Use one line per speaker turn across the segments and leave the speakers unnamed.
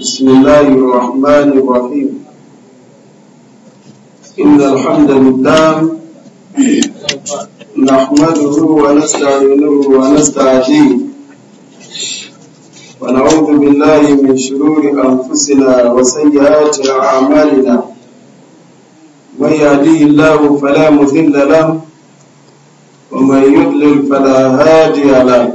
بسم الله الرحمن الرحيم إن الحمد لله نحمده ونستعينه ونستعجيه ونعوذ بالله من شرور أنفسنا وسيئات أعمالنا من يهديه الله فلا مذل له ومن يضلل فلا هادي له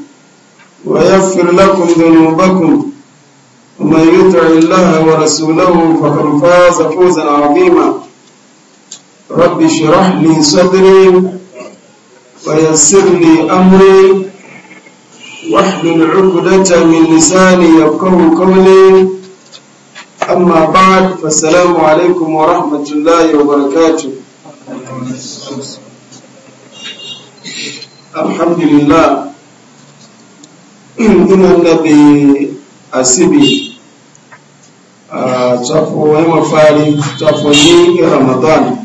ويغفر لكم ذنوبكم ومن يطع الله ورسوله فقد فاز فوزا عظيما رب اشرح لي صدري ويسر لي امري واحلل عقدة من لساني يفقه قولي اما بعد فالسلام عليكم ورحمة الله وبركاته الحمد لله iman da bai asibi a tafowai mafari tafoyi ramadan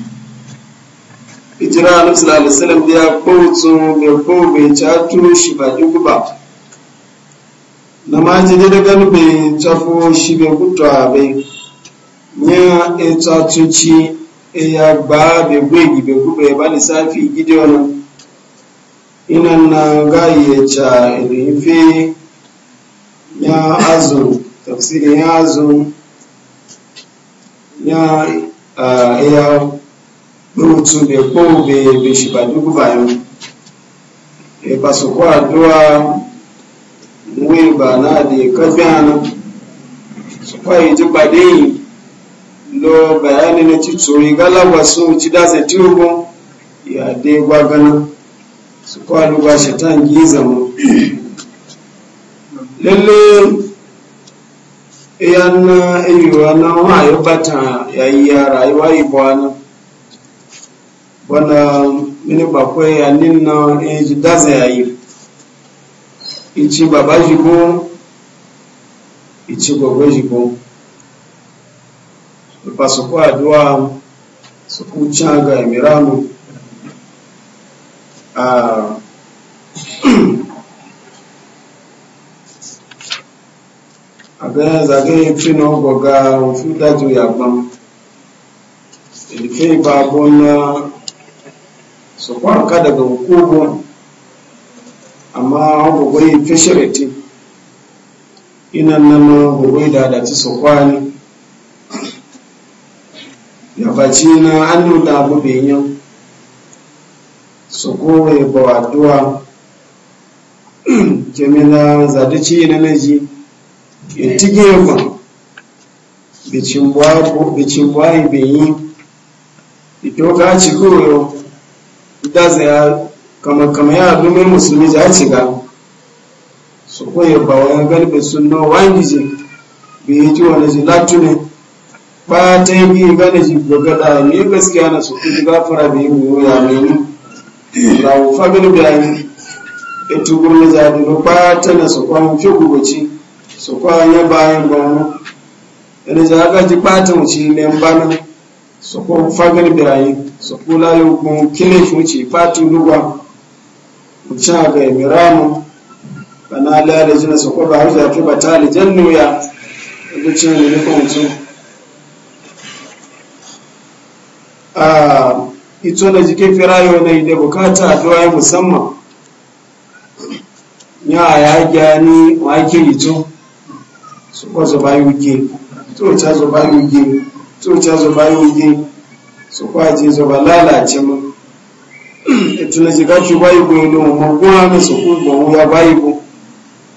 ijira na sallallahu da ya kowato mai kowace catu shi baki ba. na maji da daga bai tafo shi bai kuta bai ya e catoci e, ya gba bai gwegi bai guba ya ba lissafi gidiyonin inan na gayyaca ilife ya azu tafsirin ya azu ya ya rubutu bai ko bai shi ba duk bayan e ba su kwa duwa wai ba na da hannu. su kwa yi ji ba dai lo bayani na ci tsori galaba su ci dasa tiyo ya dai gwagana su kwalu ba shaitan giza mu lele yana iya na wayo bata yayi ya rayuwa ibwana bana mini bakwe ya nina eji daza yi ichi baba jigo ichi gogo jigo ipa su kwa aduwa su kucha ga imiramu abin zagaye fino goga wufu daju yagbam ilifai babu na su kwanka daga hukubu amma hukugwai fashirati inan nan hukugwai da adati su kwani yabaci na annu da abu bayan goye ba addu'a kemina zadici na naji e e e ya ba bicin babu bicin bayi yi. ito ka ci goyo da zai kama kama ya dumin musulmi za ci ga su koye ba wani galibin sunna wani ji bai ji wani ji ne. ba ta yi gane ji gogada ne gaskiya na su kuji gafara da yi wuya mai rawo family bayani ita gurin zaɗi ba ba ta na sakwan fi gubaci sakwan ya bayan gwanu yana za a gaji ta wuce nan bana sakwan family bayani sakwan layo kuma kile shi wuce ba fatu lugwa wuce ga imiramu bana lalata jina sakwan ba har fi ba ta alijan ah. nuya a duk cin nufin wuce ito na jike firayo na ide bukata addu'a ya musamman ya ya gani wake ito su kwa zo bayi wuge to ta zo bayi wuge to ta zo bayi wuge su kwa je zo ba lalace mu ito na jika ki bayi go ne mu magwa na su ku go ya bayi go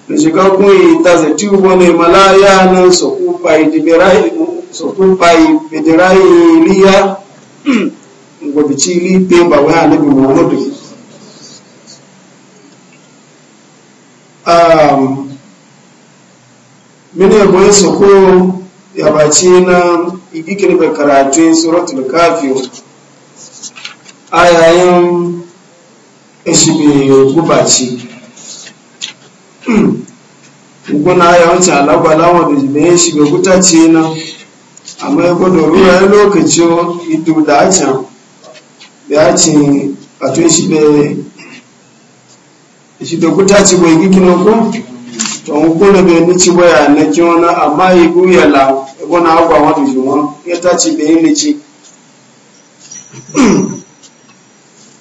na jika ku yi ta za ti go ne malaya na su ku bayi dibirai su ku bayi bidirai liya gobe cili pe ba wai annabi muhammadu um mene boye soko ya bace na igikiri bai karatu suratul kafiyo a yayin ishi bai gubaci guna ya wuce alagwalawa da jimaye shi bai gutace na amma ya gudu ruwa ya lokaci idu da a ya ci a tun shi da shi da kuta ci bai giki na ku to n kuna bai ni ci baya na ki wani amma yi guya la wani e agwa wani shi wani ya ta ci bai ni ci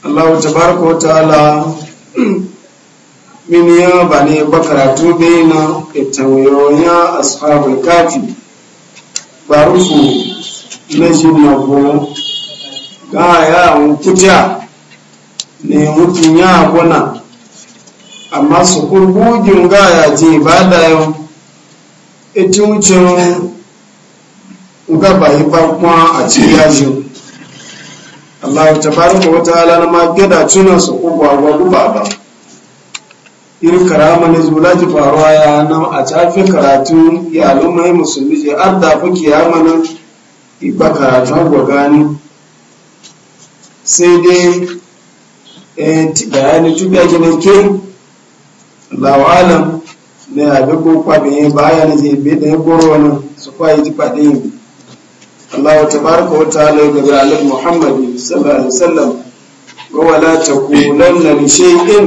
Allah ta baraka wa ta'ala min ya ba ne ba karatu bai na itawiyoyin e ashabul kafi ba rufu na shi na gaya wukuta na mutum ya abuna amma su kurgugin gaya je ba da yau ita wucin gaba yi bakwa a cikin yajin Allah ta baraka wata ala na ma gada tuna su kurgwa wa guba ba irin karama na zula ki faruwa ya na a tafi karatu ya alumma musulmi je an dafa kiyama nan iba karatu har gani sai dai eh, bayani tubiya kenan ke lawalan na abe ko kwabe ya baya na zai be ɗaya goro wani su kwaye ti faɗi yin Allah ta baraka wa ta'ala ga bi alif Muhammad sallallahu alaihi wasallam wa wala taqulanna li shay'in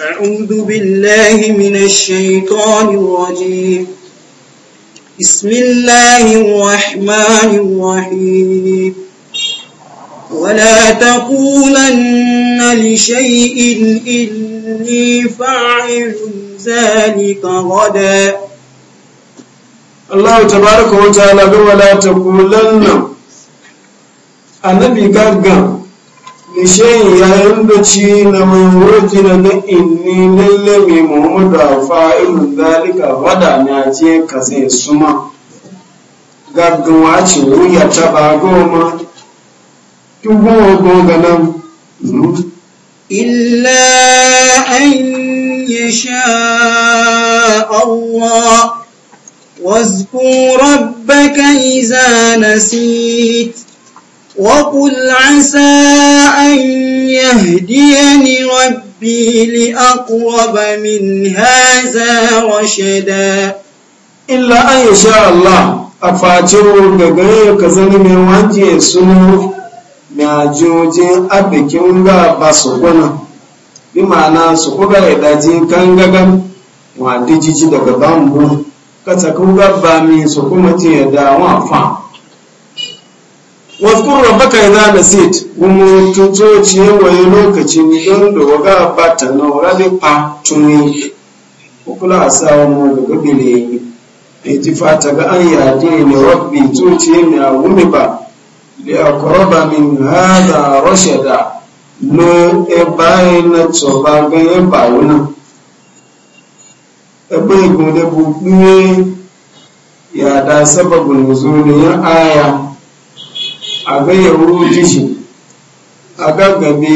a'udhu billahi minash shaitanir
rajim bismillahir rahmanir rahim ولا تقولن لشيء إني فاعل ذلك
غدا الله تبارك وتعالى ولا تقولن annabi gaggan لشيء yayin da ci na mai wurki na na inni mai muhammadu a zalika wada wuya ta ba goma إلا
أن يشاء الله واذكر ربك إذا نسيت وقل عسى أن يهديني ربي لأقرب من هذا
رشدا إلا أن يشاء الله أفاتر كذلك من وانجي سنوه na jojin abikin ga ba su gwana bi ma'ana su kuga ya daji kan gagan wa dijiji daga bambu kata kuga ba mi su kuma ce ya da wa fa wasu kuma baka yi za na sit wani tuto ciye waye lokacin don da waga ba ta na wurare fa tuni kukula a sa wani daga bile yi ya ji fata ga an yaje ne rabbi tuciye ne a wuni ba liakoroba min hada rashada lo ebaye na tsoba ganye bawuna ebe igun da bukpiye ya da sababin nuzulin yin aya a ga a ga gabe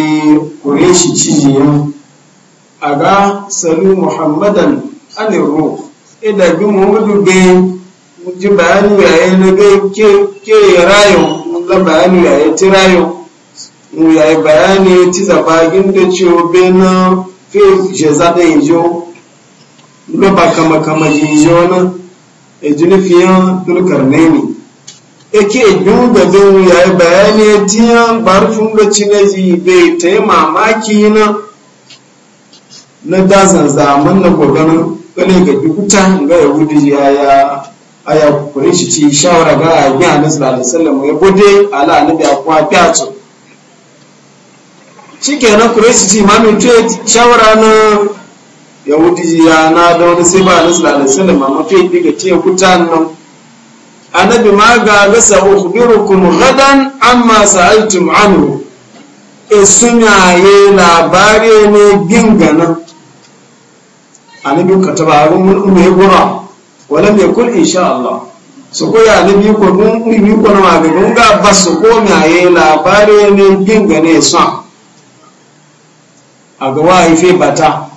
kureshi cijiyan a ga salu muhammadan aniru idabi muhammadu mu ji bayani yayin na gai ke rayu la bayani ya yi tirayo mu ya yi bayani ti zabagin da ce ciwo bena fi je zaɗa yi jo lo ba kama kama yi jo na e ji jini fiye dulkar ne ne ake duba bin ya yi bayani ya tiyan barfin da ci cinaji bai ta yi mamaki na na dazan zaman na gwagwanin ganin ga dukuta ga yahudi ya ya aya kurin shi ci shawara ga a yi hannun sallallahu alaihi wasallam ya gode ala annabi akwa fiyato shikenan kurin shi ci imamin tuye shawara na yahudi ya na da wani sai ba annabi sallallahu alaihi wasallam amma tuye diga ce kuta nan annabi ma ga gasa ga sa ukhbirukum ghadan amma sa'altum anhu e sunaye labari ne gingana annabi ka tabarun mun umme gura walam yakul insha Allah su ko ya nabi ko mun mi ko na mabe mun ga basu ko mi aye labare ne ginga ne sa aga wa ife bata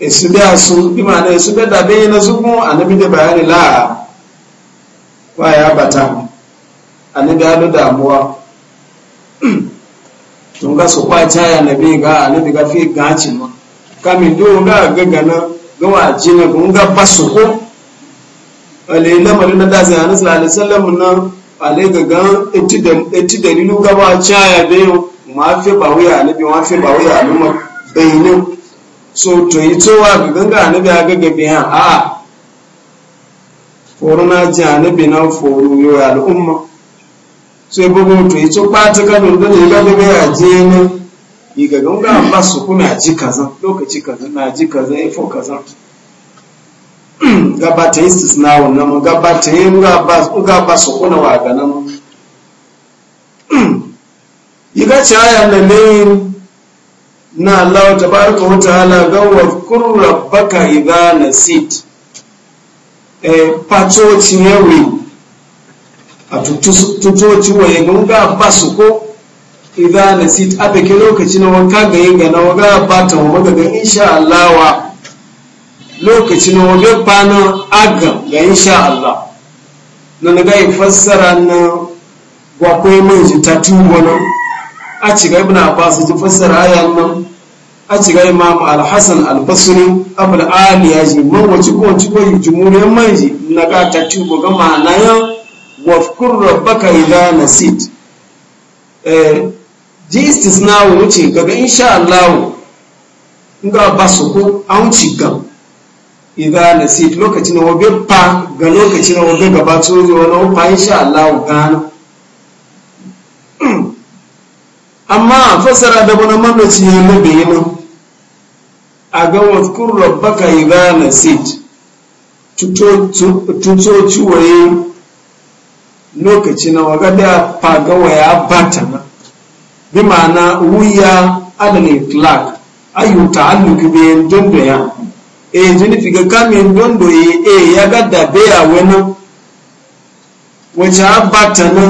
esu da su ima na esu da da bayin na zugun annabi da bayani la wa ya bata annabi ya damuwa tun ga su kwace ya nabi ga annabi ga fi gacin ma kamin gagana gawa jina nga basu ko ale lamari na da zai anasa alaihi sallam na ale ga gan eti dalilu gaba ya bayo ma fi ba wuya alabi ma fi ba wuya aluma bayinu so to yi towa ga ganga anabi ga gabe ha a foro na ji anabi na foro yo al'umma so ibogo to yi to pata kanu don yi gabe ga ne. iga ga ba su kuna ji kaza lokaci kaza na ji kaza ya fo kaza gabata yi sisna wannan gabata yi ga ba su kuna wa ga nan iga ci aya na layin na Allah tabaraka wa ta'ala ga wa kur rabbaka idha nasit eh pato ci ne a tutu tutu ci wa ga ba su ko idza nasit ke lokaci na wanka ga yin gana waga bata wa maga ga insha Allah wa lokaci na waga bana aga ga insha Allah na naga yi fassara na gwakwai mai ji ta tuwa nan a ciga ba su ji fassara ayan nan a ciga imam al-Hasan al-Basri abul ali ya ji man wace ko wace ko mai ji na ga ta tuwa ga ma'ana ya wafkur rabbaka idza nasit eh ji na wa wuce gaga insha Allah nga ba su ko an ci gam na si lokacin wa be pa ga lokacin wa be gaba to ne wa pa insha Allah gano amma fasara da bana mamaci ya mabe yi nan a ga baka rabbaka na si tuto ciwaye lokaci na waga da fagawa ya bata na bi na wuya adalin clark ayu ta'alluki bi dondo ya e jini figa kamin dondo e ya gadda beya wani wacce abata na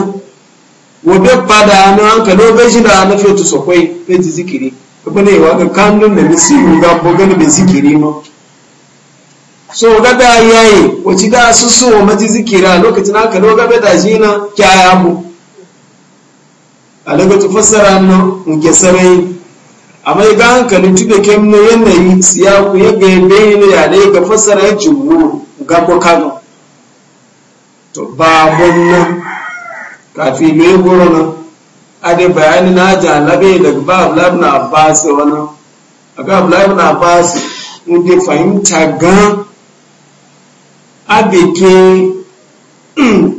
wabe pada na an ka lobe da na fetu sokwai fetu zikiri kuma ne wa ga kanun da misi ga bogana da zikiri ma so gada yayi wace da su so maji zikira lokacin aka lobe da shi na kyaya mu a lokacin fassara nan muke sarai amma ga hankali tuda kem na yanayi siya ku ya ga bayyana ya dai ga fassara ya jumhur ga ko kano to ba bonna kafi me goro nan ade bayani na ja labe daga ba abdullahi na abbas wannan aga abdullahi na abbas mun dai fahimta ga abike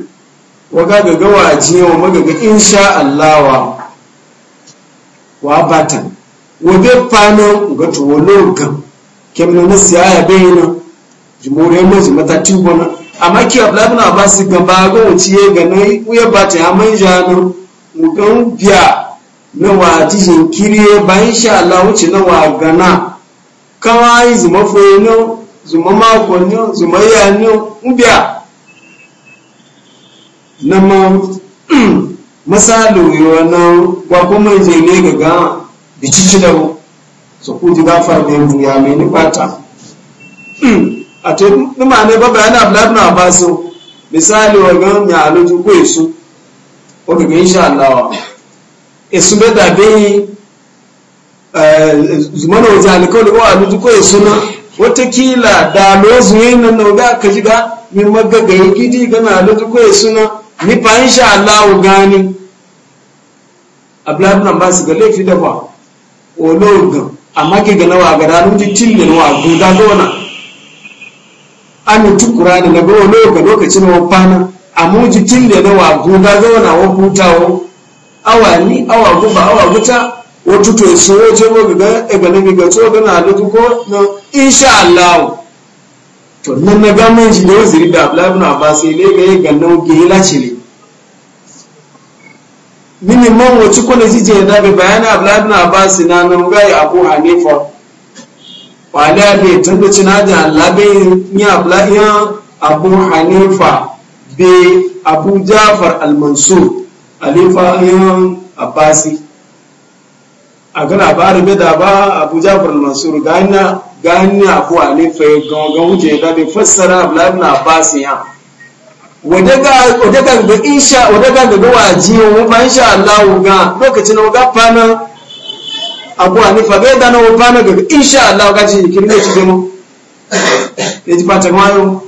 waga gaga waje wa magaga insha Allah wa batan wabe fano ga tuwo ga kemno na siyaya bayina jumuriyar mazi matati gona amma ki abla ibn abbas ga ba ga wuci ya ga nan uya bata ya man ja jano mugan biya na wa tijin kiriye ba sha Allah wuce na wa gana kawai zuma foyeno zuma makonni zuma yanyo ubiya na ma misalin yiwuwa wa kuma je ne ga ga da cici da mu su kuji gafa da yin ya mai ni bata a te nima ne ba yana abdullahi na ba su misali wa gan ya aluju ko isu o ga insha Allah isu bai da be eh zumana wajen da kowa aluju ko isu na watakila da lozuwe na nauga ga ka ji ga min magaga gidi gana aluju ko isu na nípa insha Allah gan ni abdullahi ba abbas ga laifi da ba ologan amma ke ga nawa ga ranar titin da nawa guda zona an tukura ne na gawo loka lokacin wa fana amma titin da nawa guda zona wa hutawo awa ni awa gufa awa guta wato to so je mu ga ga e ga ga to ga na ko insha Allah to nan na gaman shi da waziri da abu ba sai ne ga yi gannan ke yi ne mini man wace kone jije na bai bayani abdullahi ba sai na nan ga yi abu hanifa wale a bai tabbaci cina da labin yi abdullahi abu hanefa be abu jafar al alifa yin abasi a gana ba da ba abu jafar al-mansur na. gani abu alifa gangan wuce da bai fassara abdullahi na abbas ya wadaga ga insha wadaga ga waji mu ba insha Allah ga lokacin na ga fana abu alifa ga da na fana ga insha Allah ga ji kirme ci gamo ne ji bata mayo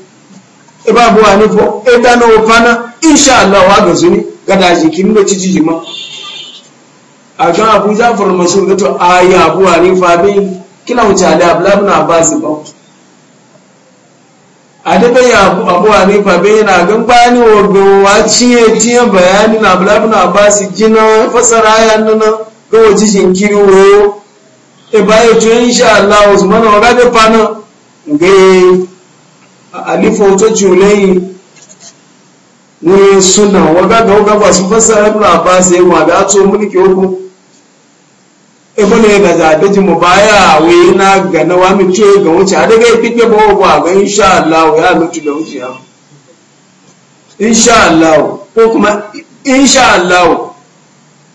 e ba abu alifa e da na fana insha Allah wa ga zuni ga da ji kirme ci jijima a kan abu jafar masu ga to aya abu alifa bin kila wuce ali abdullahi na abbas ba adebe ya abu hanifa be yana gan bani wogo wa ciye tiye bayani na abdullahi na abbas jina fasara ya nuna ga waje jinkiri woyo e bayo to insha allah usman wa gabe pana nge alifo to julai ne suna waga ga ba su fasara ibn abbas ya wa da to mulki hukum ebona ga zaɓe mu baya na ga na wa ce ga wuce a daga ke ba ga insha Allah ya lutu da wuce insha Allah ko kuma insha Allah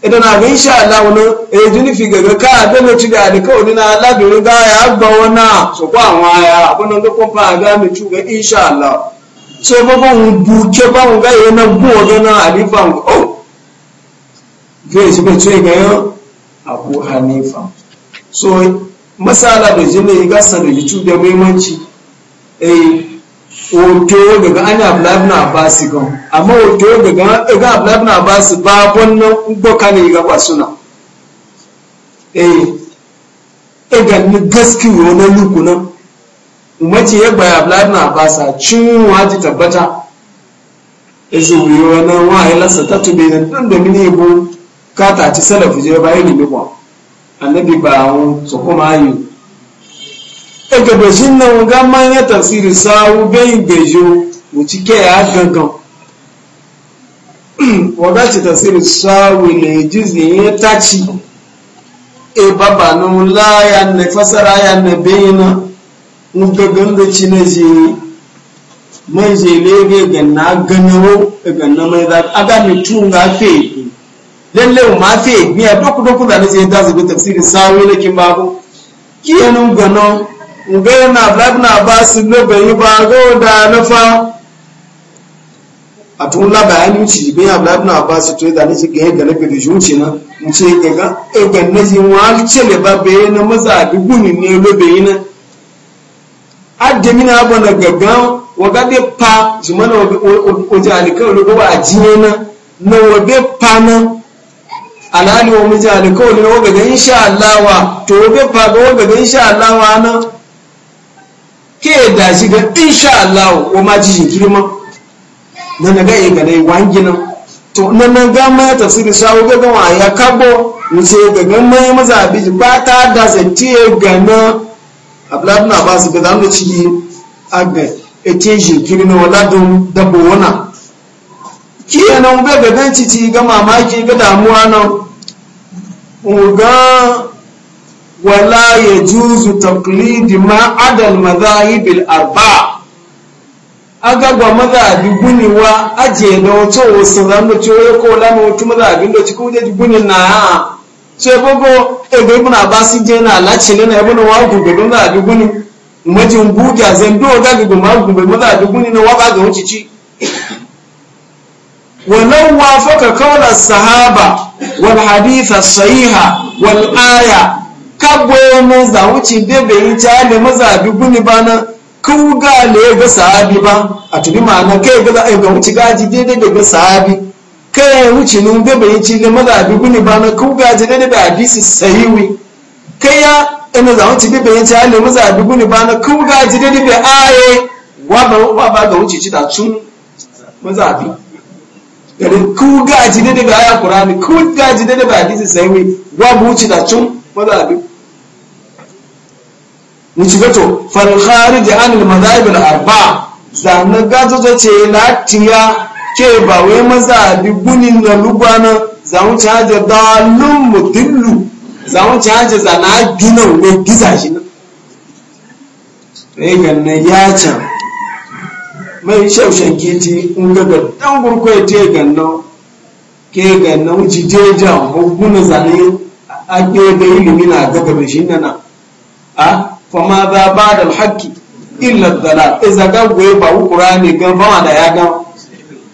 idan na ga insha Allah ne e jini fi ga ka da na ci da na Allah da ga ya ba wana so ko an ya abun da ko fa ga ci ga insha Allah so ba ba mu buke ba mu ga yana bo ga na oh zai shi ba abu hanifa so masala da jini ga sa da jitu da muhimmanci a eh, hoto daga an abla ibn abbas gan amma hoto daga ga abla ibn abbas ba wannan doka ne ga basuna a eh, ega ni gaski wona lukuna umarci ya gbaya abla ibn abbas cin waji tabbata ezu wiyona wa ilasa tatu bi nan domin ibu káàtà àti sẹ́lẹ̀fù jẹ́ ọba ìlú mípọ̀ ànẹ́bíbà àwọn sọ̀kọ́mọ̀ ayò ẹgbẹ̀gbẹ̀ṣí náà ga máa ń yẹ́tà sí ìrìsáwó bẹ́yìn gbèjò òtíkẹ́ à gangan wọ́gá tìtà sí ìrìsáwó ilẹ̀ ìjísì yẹn táchì e bàbà náà láyà nẹ fására ayà nẹ bẹ́yìn náà ń gangan da ci na je man je lege ganna ganawo ganna mai za a ga mutum ga fe lalle ma fi biya doku doku da ne sai da zubi tafsiri sawi lakin babu kiyanun gano ngai na blab na su ne yi ba go da nafa tun la bayani ci bi ya blab na su to da ne shi ga ga bi junci na mu ce ga ga e ga ne ji wa ce le ba be na maza bi guni ne lo be ina ademina abana gaga wagade pa jimana oje alika ologo ba ajina na na wade pa na alhali wa mu ji alkawari na waga ga insha Allah wa to wa fa ga wa gaga insha Allah wa na ke da shi ga insha Allah wa ma ji girma na na yi ga dai wangina to na na ga ma tafsiri shawo ga ga wa ya kabo mu ce ga ga mai maza bi ba ta da zantiye ga na Abdullahi ibn ga zamu ci aga ete jinkiri na wala don dabo wana kiyanan bai ga ganci ci ga mamaki ga damuwa nan ugan wala ya juzu taklidi ma adal madhahibil arba agagwa madhabi guniwa aje na wato wasu zanu ciwo ko lana wato madhabin da cikin wajen gunin na ha so ya je na alaci chile na ibn wa gube don za a bi guni majin buja zan do ga gube ma gube madhabi guni na wa ga wucici ولو وافق قول الصحابة والحديث الصحيح والآية kagbo mun za wuce bebeyi ta ne maza bi guni ba na kuga ne ga sahabi ba a tubi ma'ana kai ga wuce gaji daidai daga sahabi kai wuce nun bebeyi ci ne maza bi guni ba na kuga ji daidai da hadisi sahiwi kai ya ina za wuce bebeyi ta ne maza bi guni ba na kuga ji daidai da aye wa ba ga wuce ci da tun gari ku gaji ne daga aya qur'ani ku gaji ne daga hadisi sahihi wa buci da cun mazhabi muci gato fal kharij an al madhahib al arba zanna gazo zo ce tiya ke ba wai mazhabi gunin na lugwana zan ci haje dalun mudillu zan ci haje zana gina wai gizashi ne ganna ya can mai shaushen kiti in ga gaddan gurko ya te ganna ke ganna wuce jeja hukuna zane a ke da ilimi na gaba da shi nana a kuma za ba da haƙƙi illa dala iza e ga goye ba ƙur'ani gan fama da ya gan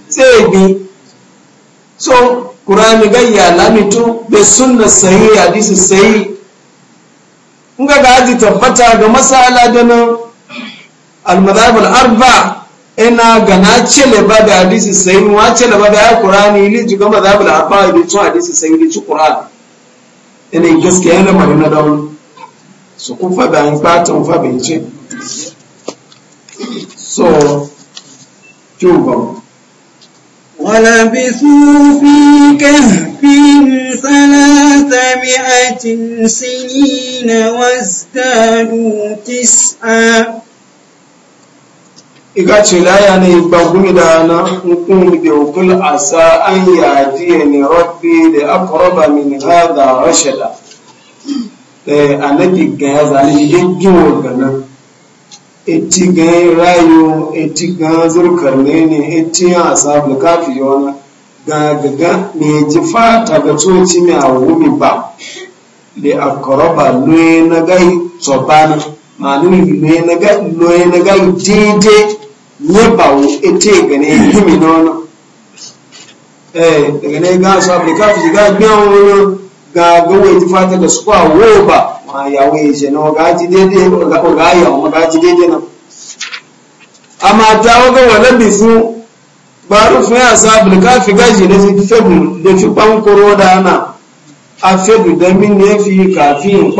sai bi so ƙur'ani gan ya lamito da sunna sahih hadisi sahih in ga aji tabbata ga masala da nan al-madhhab al-arba' ina gana ne ba da hadisi sai wa cele ba da ya qur'ani ni ji gama za bu da afa da tun hadisi sai ni ci qur'ani ina gaskiya na mai na dawo su fa da ba. fatan fa bin ce so kyuba ولبثوا
في salata mi'atin
sinina وازدادوا tis'a iga la laya ne gbangumi da na hukumi da hukul asa an yadiye ne rabbi da akwaba min hada rashada da e, anabi ga ya zane yaggiwa gana eti ga rayu eti ga zurkar ne ne eti ya asa bulkafi yana ga gaga ne ji fata ga tsoci mai a hukumi ba da akoroba ne na gai tsobana malum ne na ga loye na ga dede ne bawo ete gane yimi nono eh daga ne ga su afirka fi ga ga gawa fata da suku kwa ba ma yawo ya waga yawo waga ji dede na amma ta waga wani bifu baru fún yà sá bìrìkà fìgá jìnnà sí fẹ́bù lẹ́fi pánkóró dáná afẹ́bù dẹ́mí ní ẹ fi kàfin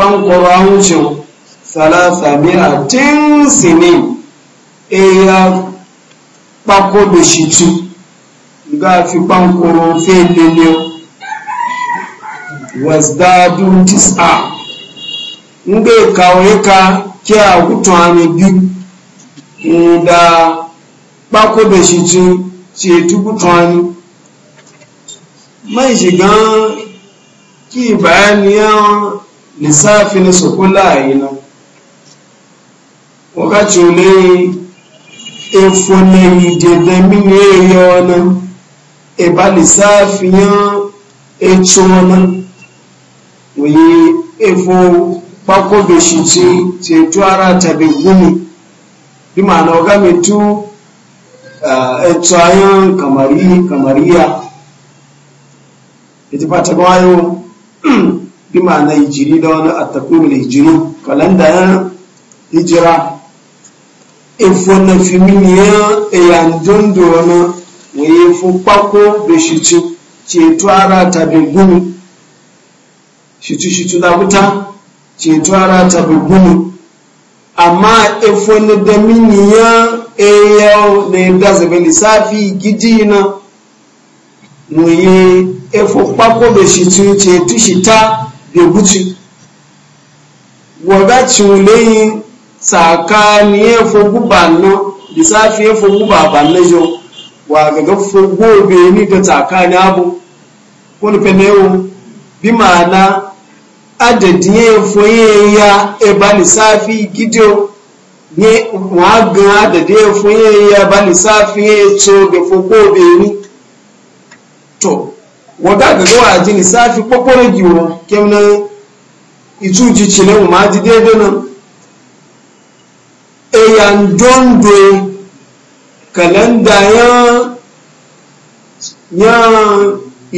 thalatha mi'atin sinin eya kpako doshitu nga fi kpankoro fe lele wasdadu tis'a nga kawo ka ke a kutuani biyu da kpako doshitu cetu kutuani man shigan ki bayani lissafi na sokola a yi nan wakati oleyi efoneni dede mini eye ona ebalisa fiyan etu ona oyi efo kpakobeshi ti ti etu ara tabi gumi bi ma'ana oga metu etu ayan kamari kamariya ita fata bayo bi ma'ana hijiri da wani attakwimul hijiri kalanda yan hijira efo na fi mini ya eyandun dona mu yi fo kpako da shitu ceto ara tabi gumi shitu shitu da wuta ceto ara tabi gumi amma efo na da mini ya eyau na yadda zabe lissafi gidi na mu yi efo kpako da shitu ceto shita da guci wagaci tsakani ya fogu banno lissafi ya fogu ba banno jo wa gaga fogo be ni da tsakani abu wani fenewo bi ma'ana adadin ya foye ya eba lissafi gidiyo ne wa ga adadin ya foye ya ba lissafi ya ce ga fogo be ni to wata gaga wa ji lissafi kwakwara giwo kemna itu ji cile ma ji daidai nan ya dondo kalanda ya ya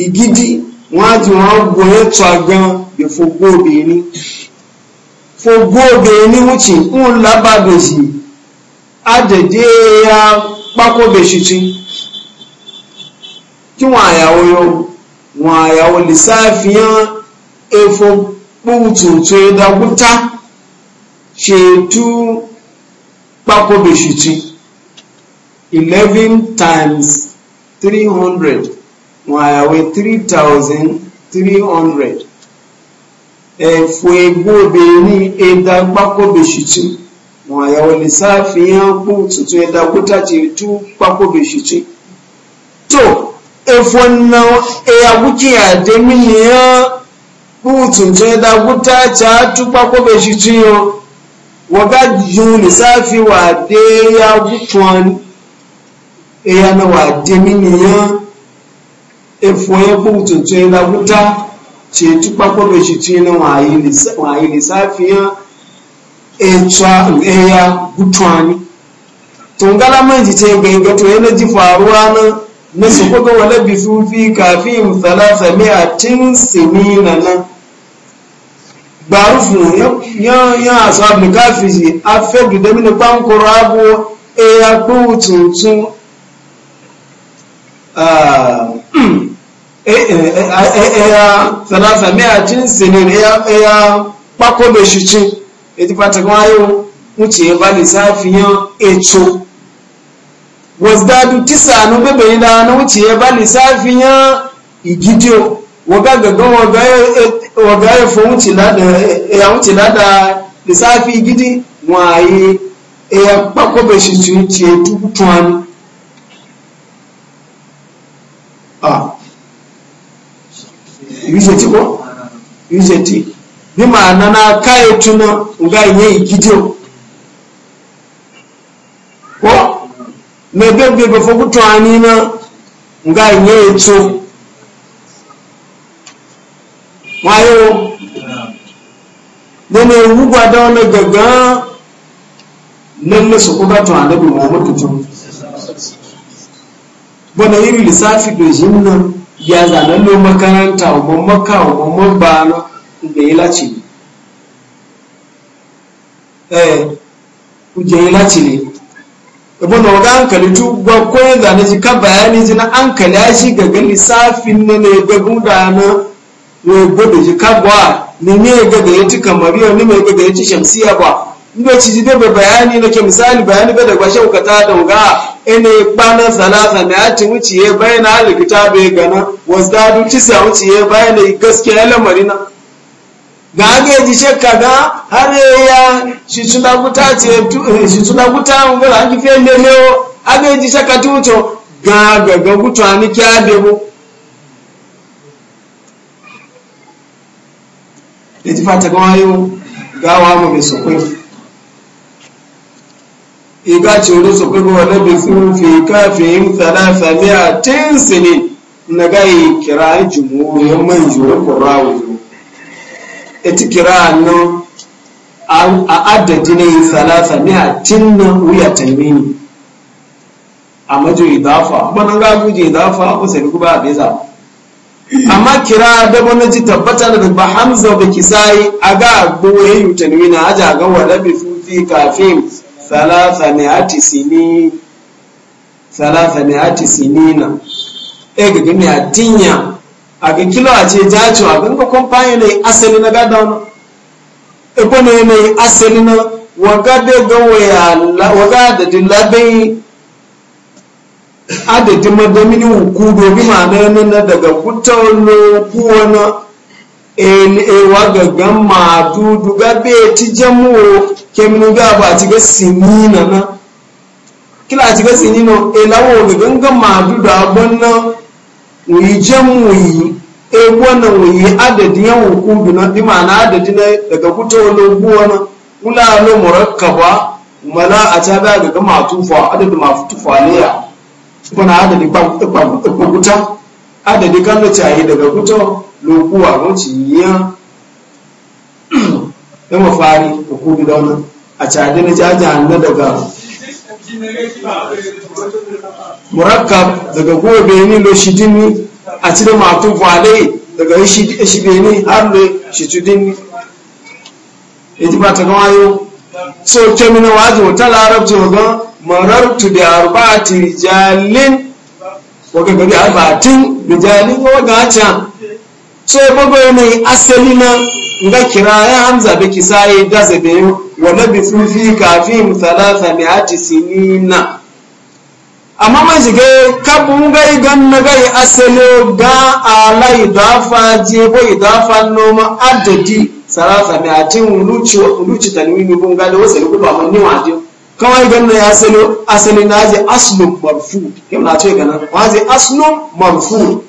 igidi wọn á ti wọn gbóyè tó agan yẹ fogbó obìnrin fogbó obìnrin wúchì ń lábàbèsì àdèdè ya pákóbèsìtì kí wọn àyàwó yọ wọn àyàwó lè sáfihàn efo kpóhùtù tó yẹ dàgúta ṣètú. kpakpo beshichi 11 times three hundred 3300 efu egbo benin eda kpakpo beshichi nwayawe lissafi yankpu tuntun eda kutaci tu kpakpo beshichi to efu na eyaguki ademi yan kpu tuntun eda kutaci tu kpakpo beshichi yan waga juni safi wa de ya gutwan eya na wa de mini ya efo ya bu tuntun la guta ce tukpa ko be shi tina wa yi ni ya etwa eya gutwan tungala man ji ce ganga to yana ji faruwa na na su ko ga wala bi sufi kafin 300 sinina na gbarufu yan asabu ni káfíìsì afẹ́bù dẹ́mínú pánkọrọ abo ẹ̀yà e gbóhù tuntun ẹ̀yà tàlásà ní àti ìsìnì ẹ̀yà pákọ́bẹ̀ṣìṣì ètí pàtàkì wáyé ń tì í balẹ̀ sáfihàn ètò wọ́sdádù tísà ní bẹ́bẹ̀ yìí dáná ń tì í balẹ̀ sáfihàn ìgídíò. waga gaggan waga ya fi wuce lada lissafi gidi waye e ya kpakwa bai shi ce tutuwan a yuzeti ko yuzeti ni ma'ana na kayi tuna ga yi wayo nana wugwa da wani gaga nan na su kuka tun annabi muhammadu tun wani iri lissafi da jin nan ya zanen lo makaranta wa maka wa mamba na da ya lace ne eh kuje ya lace ne ibu na waga hankali tu gwa koyan zane ji ka bayani ji na hankali ya shi gaga lissafin na ne gagun da na ne gobe ji kagwa ne ne gaga ya ci kamariyo ne mai gaga ya ci shamsiya ba ndo ci ji dabe bayani na ke misali bayani ga daga shau ka ta dauga ene kpanan salasa ne a ci wuce ya bayyana alikita bai gana wasu dadu ci sa wuce ya bayyana gaskiya lamarina ga aga yaji shakka ga har ya shi suna guta ce eh, shi suna guta ngala an ki fe lelewo aga yaji shakka tuto ga ga ga gutwa ni eti fata gwayo gawa mu be sokwe iga ci wani sokwe ba wani bi sun fi kafin thalatha mi'atin sinin na gai kira jumurin man juwa kurawo eti kira nan a adadi ne thalatha mi'atin na wuya tamini a majo idafa ba nan ga guje idafa ko sai ku ba a bai zaba amma kira da wani ji tabbata da ba hamza ba kisai a ga goye yutanwi na aja ga wala bi fufi kafin salasa ne ati sini salasa e ga gini a tinya a ga kilo a ce jacho a ga kwamfani ne asali na gada e wani ebo ne ne asali na waga da gawa adadin madamini hukudo domin ma'ana na daga kutaulo kuwana ewa gaggan madu duga bai ti jamu kemini ga ba ti ga sinina na kila ti ga sinina elawo gaggan ga madu da abon na wuyi jamu yi ewu na wuyi adadin yan hukudo na bi ma'ana adadin daga kutaulo kuwana kula lo kaba mala a ta ga gaggan matufa adadin matufa ne ya kuna adadi kwakuta adadi kano cayi daga kuto lokuwa wuce ya ya mafari hukudu da wani a caji na caji na daga murakkab daga kuma benin lo shidini a cikin matun falai daga shi benin har shi lo shidini ya ji ba ta gawayo so kemina wajen wata larabci wa gan marartu da arba'ati rijalin wa ga gari arba'atin rijalin wa ga ta so bago ne asali na ga kiraya hamza be kisaye da zabe wa labisu kafin thalatha mi'ati sinina amma man shiga kabun gai gan na gai asali ga ala idafa je ko idafa noma adadi sarasa mi'atin luci luci tanwini bun ga wasu ko ba mun ni wajen kawai ganna ya salo asali na je aslun marfu yau na ce ganin wa je aslun marfu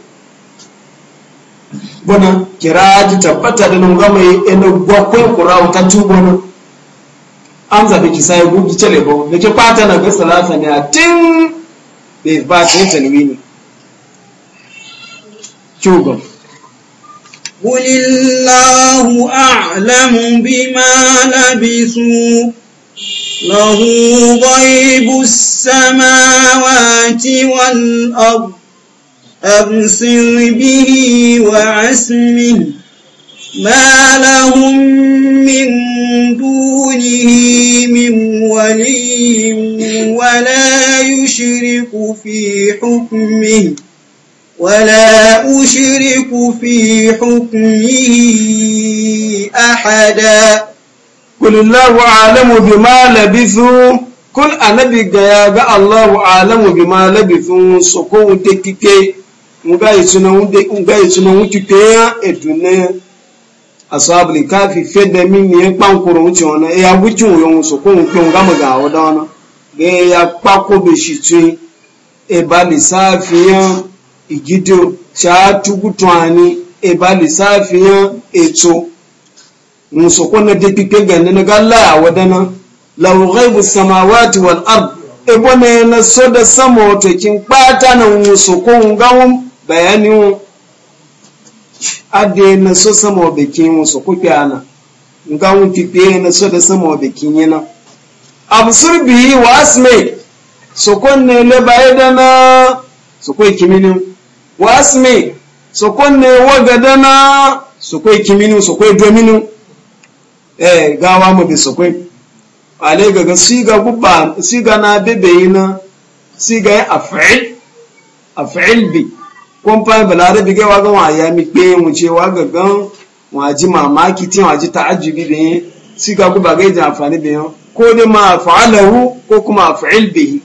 bana kira ji tabbata da nunga yi ina gwakwai kurawa ta nan an zaɓi ki sai gugu cele ba da ke fata na ga salata ne a tin da ba ta yi talwini kyugon
قل الله أعلم بما لبثوا له غيب السماوات والأرض أبصر به وعسمه ما لهم من دونه من ولي ولا يشرك في حكمه ولا أشرك في حكمه أحداً
kulillahu alamu bima labithu kun anabi gaya ga allahu alamu ma labithu so ko de kike nga ituna wute nga ituna wuti ya edune asabli kafi fede mini en pankoro wuti ona e abuti wo so ko wuti nga da odona ge ya pako be shitwe e bali safiyan igido cha tugutwani e bali safiyan eto musoko na da pipe ganni na galla a wadana laurai bu samawati wal ar ebo ne na so da sama wata kin bata na musoko gawon bayani ade na so sama bikin musoko kyana gawon pipe na so da sama bikin yana absur bihi wa asme sokon ne le bayedana sokoi kiminu wa asmi sokon ne wagadana sokoi kiminu sokoi dominu eh gawa mu bi sokwai ale gaga siga gubba siga na bebe na siga ya af'il af'il bi kon fa balarabi ga wa ga wa ya mi pe mu ce wa gagan wa ji mamaki tin wa ji ta'ajjubi bi siga gubba ga ji amfani bi ko ne ma fa'alahu ko kuma af'il bihi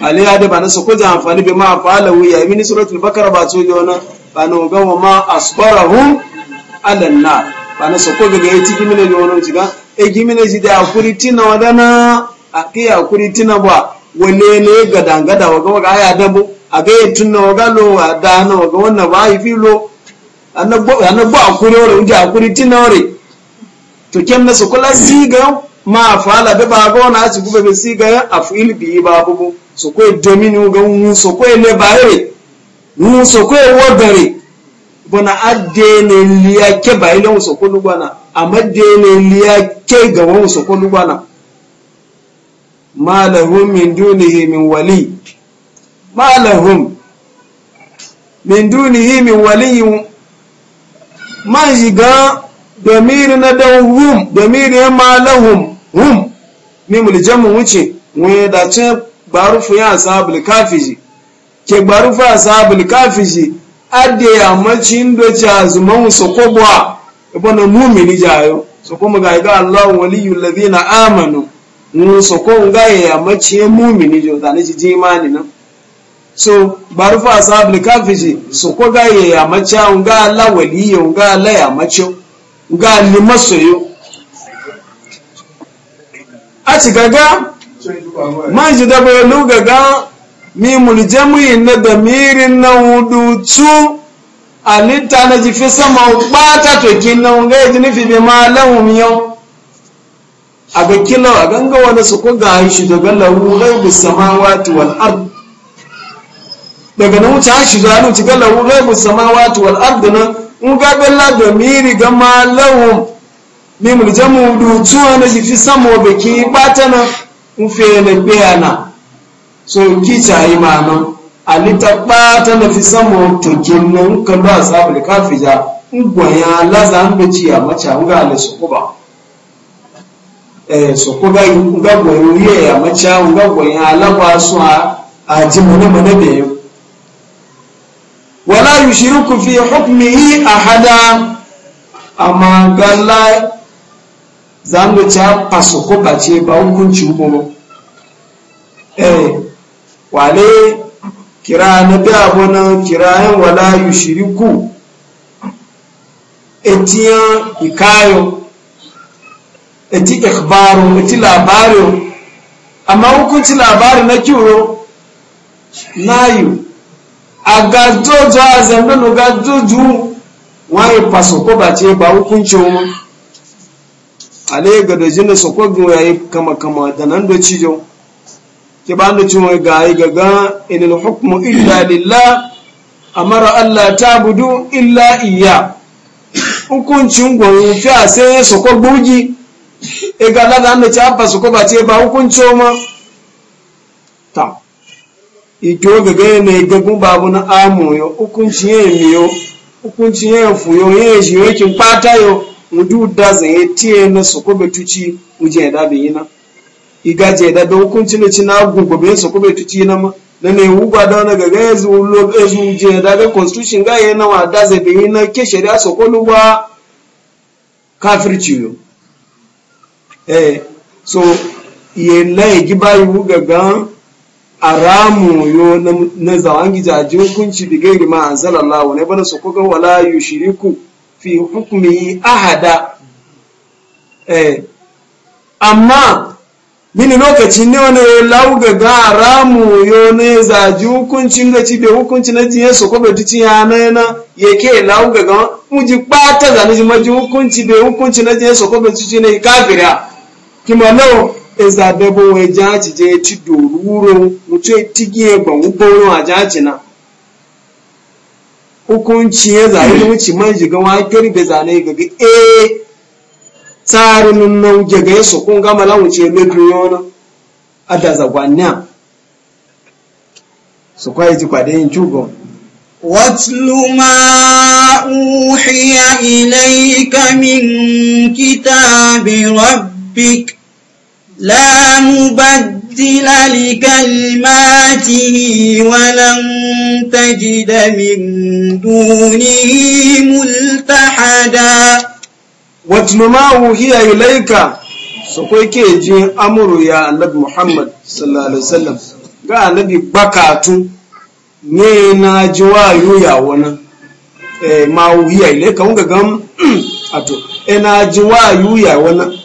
ale ya da ba na sokko ji amfani bi ma fa'alahu ya mini suratul bakara ba to jona ba no ga wa ma asbarahum ala nar bana soko ga ya ci gimine ga wani jiga e gimine ji da tina wadana a ke akuri tina ba wale ne ga dangada waga waga aya dabo a ga ya tunna waga lo a da na waga wannan ba yi filo anagbo akuri wore uji akuri tina wore to kem na soko la siga ma fala be ba ga wani a ci gube be siga afil bi ba bubu soko e domini ga mu soko e le ba yare mu soko e wodare bana adene liya ke ba ile musu kulu bana amma dene liya ke ga musu kulu bana malahum min dunihi min wali malahum min dunihi min wali man yiga domiri na dan hum domiri ya malahum hum mimul jamu wuce wani da ce barufu ya asabul kafiji ke ya asabul kafiji ade yammaci ndo ci azuman soko bwa ibana mumini jayo soko mu ga ga Allah amanu mun soko ga yammaci mumini jo da ne ji imani nan so soko ga yammaci ga Allah waliyo ga Allah yammaci ga a ci gaga man ji mimul jam'i na damirin na hudu tu alita na jifi sama bata to kin nan ga yi nufi bi ma lahum yau a ga kila a ganga ga shi daga lahu ghaibu samawati wal ard daga nan wuce shi da nan ci ga lahu ghaibu samawati wal ard nan in ga bella damiri ga ma lahum mimul jam'u du tu na jifi sama baki bata na in fe na so kica yi kicha imano alita ɓata na fi samu tokin nan kallo a sabul kafija ngwaya laza an gaci a maca nga ala sokoba eh sokoba nga gwayo ye ya maca nga gwaya ala ba su a ji mana mana da yau wala yushriku fi hukmihi ahada amma ga Za galla zango cha pasokoba ce ba hukunci ubo eh wane kira na bi kira kirayen wala shiriku etiyan ikayo eti ikhbaru eti labaru amma hukunci labarin na na yi a gajojo a zandano gajoju wani fasoko ba ce ba hukunci wani ale ga da jini sokogin yayi kama kama da nan da cijo ke ba da cin gayi gaga inil hukmu illa lillah amara Allah ta budu illa iya hukuncin gwanu fi a sai su ko gbogi e ga lada da ci abba su ko ba ce ba hukuncin ma ta ikyo gaga ne gagun babu na amu yo hukuncin ya miyo hukuncin ya fuyo ya shi yakin pata yo mudu da zai tiye na su ko betuci uje da bayina igaje da be hukunci ne ci na gungo be su kube tuci na ma na ne hugwa da wani gaga ya zuwa lo ya je da be constitution ga yana wa da zai bayi na ke shari'a su kolu ba kafirci yo eh so iye na ya giba yi huga ga aramu yo na zawan gija ji hukunci da gairi ma an zalala wani bana su kuka wala yushiriku fi hukumi ahada eh amma mini lokaci ne wani ya lauga ga ramu yo ne zaji hukuncin ga cibe hukunci na jiye su kwabe tuci ya na yana ya ke lauga ga muji kpata zane ji maji hukunci da hukunci na jiye su kwabe tuci ne kafira kima nau eza bebo wai jaji je e ti doruro mutu tigi ya e gbanwu gbanwu a jaji na hukunci ya zane wuce man jiga wa kirbe zane gaga eh tsari nunnan jagaye su kun gama lawuce lebin yana a da zagwanya su kwaye ji kwade yin cugo واتل
ما أوحي إليك la كتاب ربك لا مبدل لكلماته ولن تجد من
دونه hada. watnumahu hiya ilaika so kai ke ji amuru ya annabi muhammad sallallahu alaihi wasallam ga annabi bakatu ne na ji wayo ya wani eh ma hiya ilaika unga gam ato e na ji wayo ya wani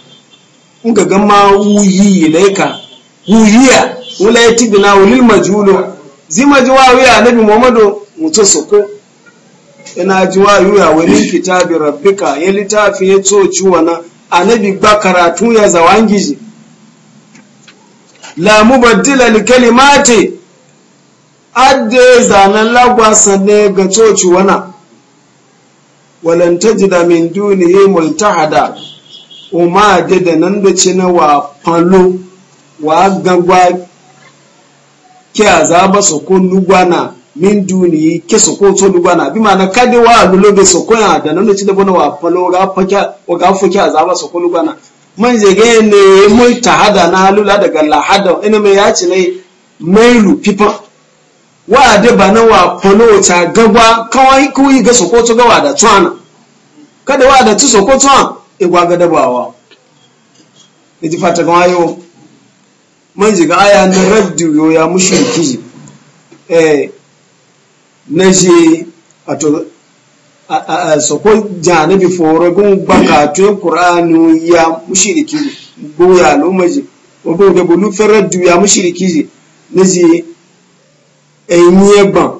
unga gam ma wuyi ilaika wuyiya wala bina ulil majulu zima ji wayo ya annabi muhammadu mutoso ina ji wa yuya wani kitabi rabbika ya littafi ya coci wana anabi ba karatu ya zawangiji la mubaddila li kalimati adde zanen lagwasa ne ga coci wana walan tajida min dunihi multahada uma de da nan da ci na wa falo wa gangwa ke azaba su kunnu gwana min duni ke soko to lugana bi mana kade wa lulo be soko ya da nan ci da bona wa falo ga faka o ga fuki azaba soko lugana man je ga ne moy tahada na lula daga lahada ina me ya ci ne mailu pipa wa de bana wa falo ta gagwa kawai yi ga soko to gawa da tsana kada wa da tu soko to e gwa ga dabawa ne ji fata ga ayo man je ga aya na raddu yo ya mushriki eh na shi a to sako janibi foro gun gbanga to qur'anu ya mushriki goya no maji obo de bolu fere du ya mushriki na shi enye ban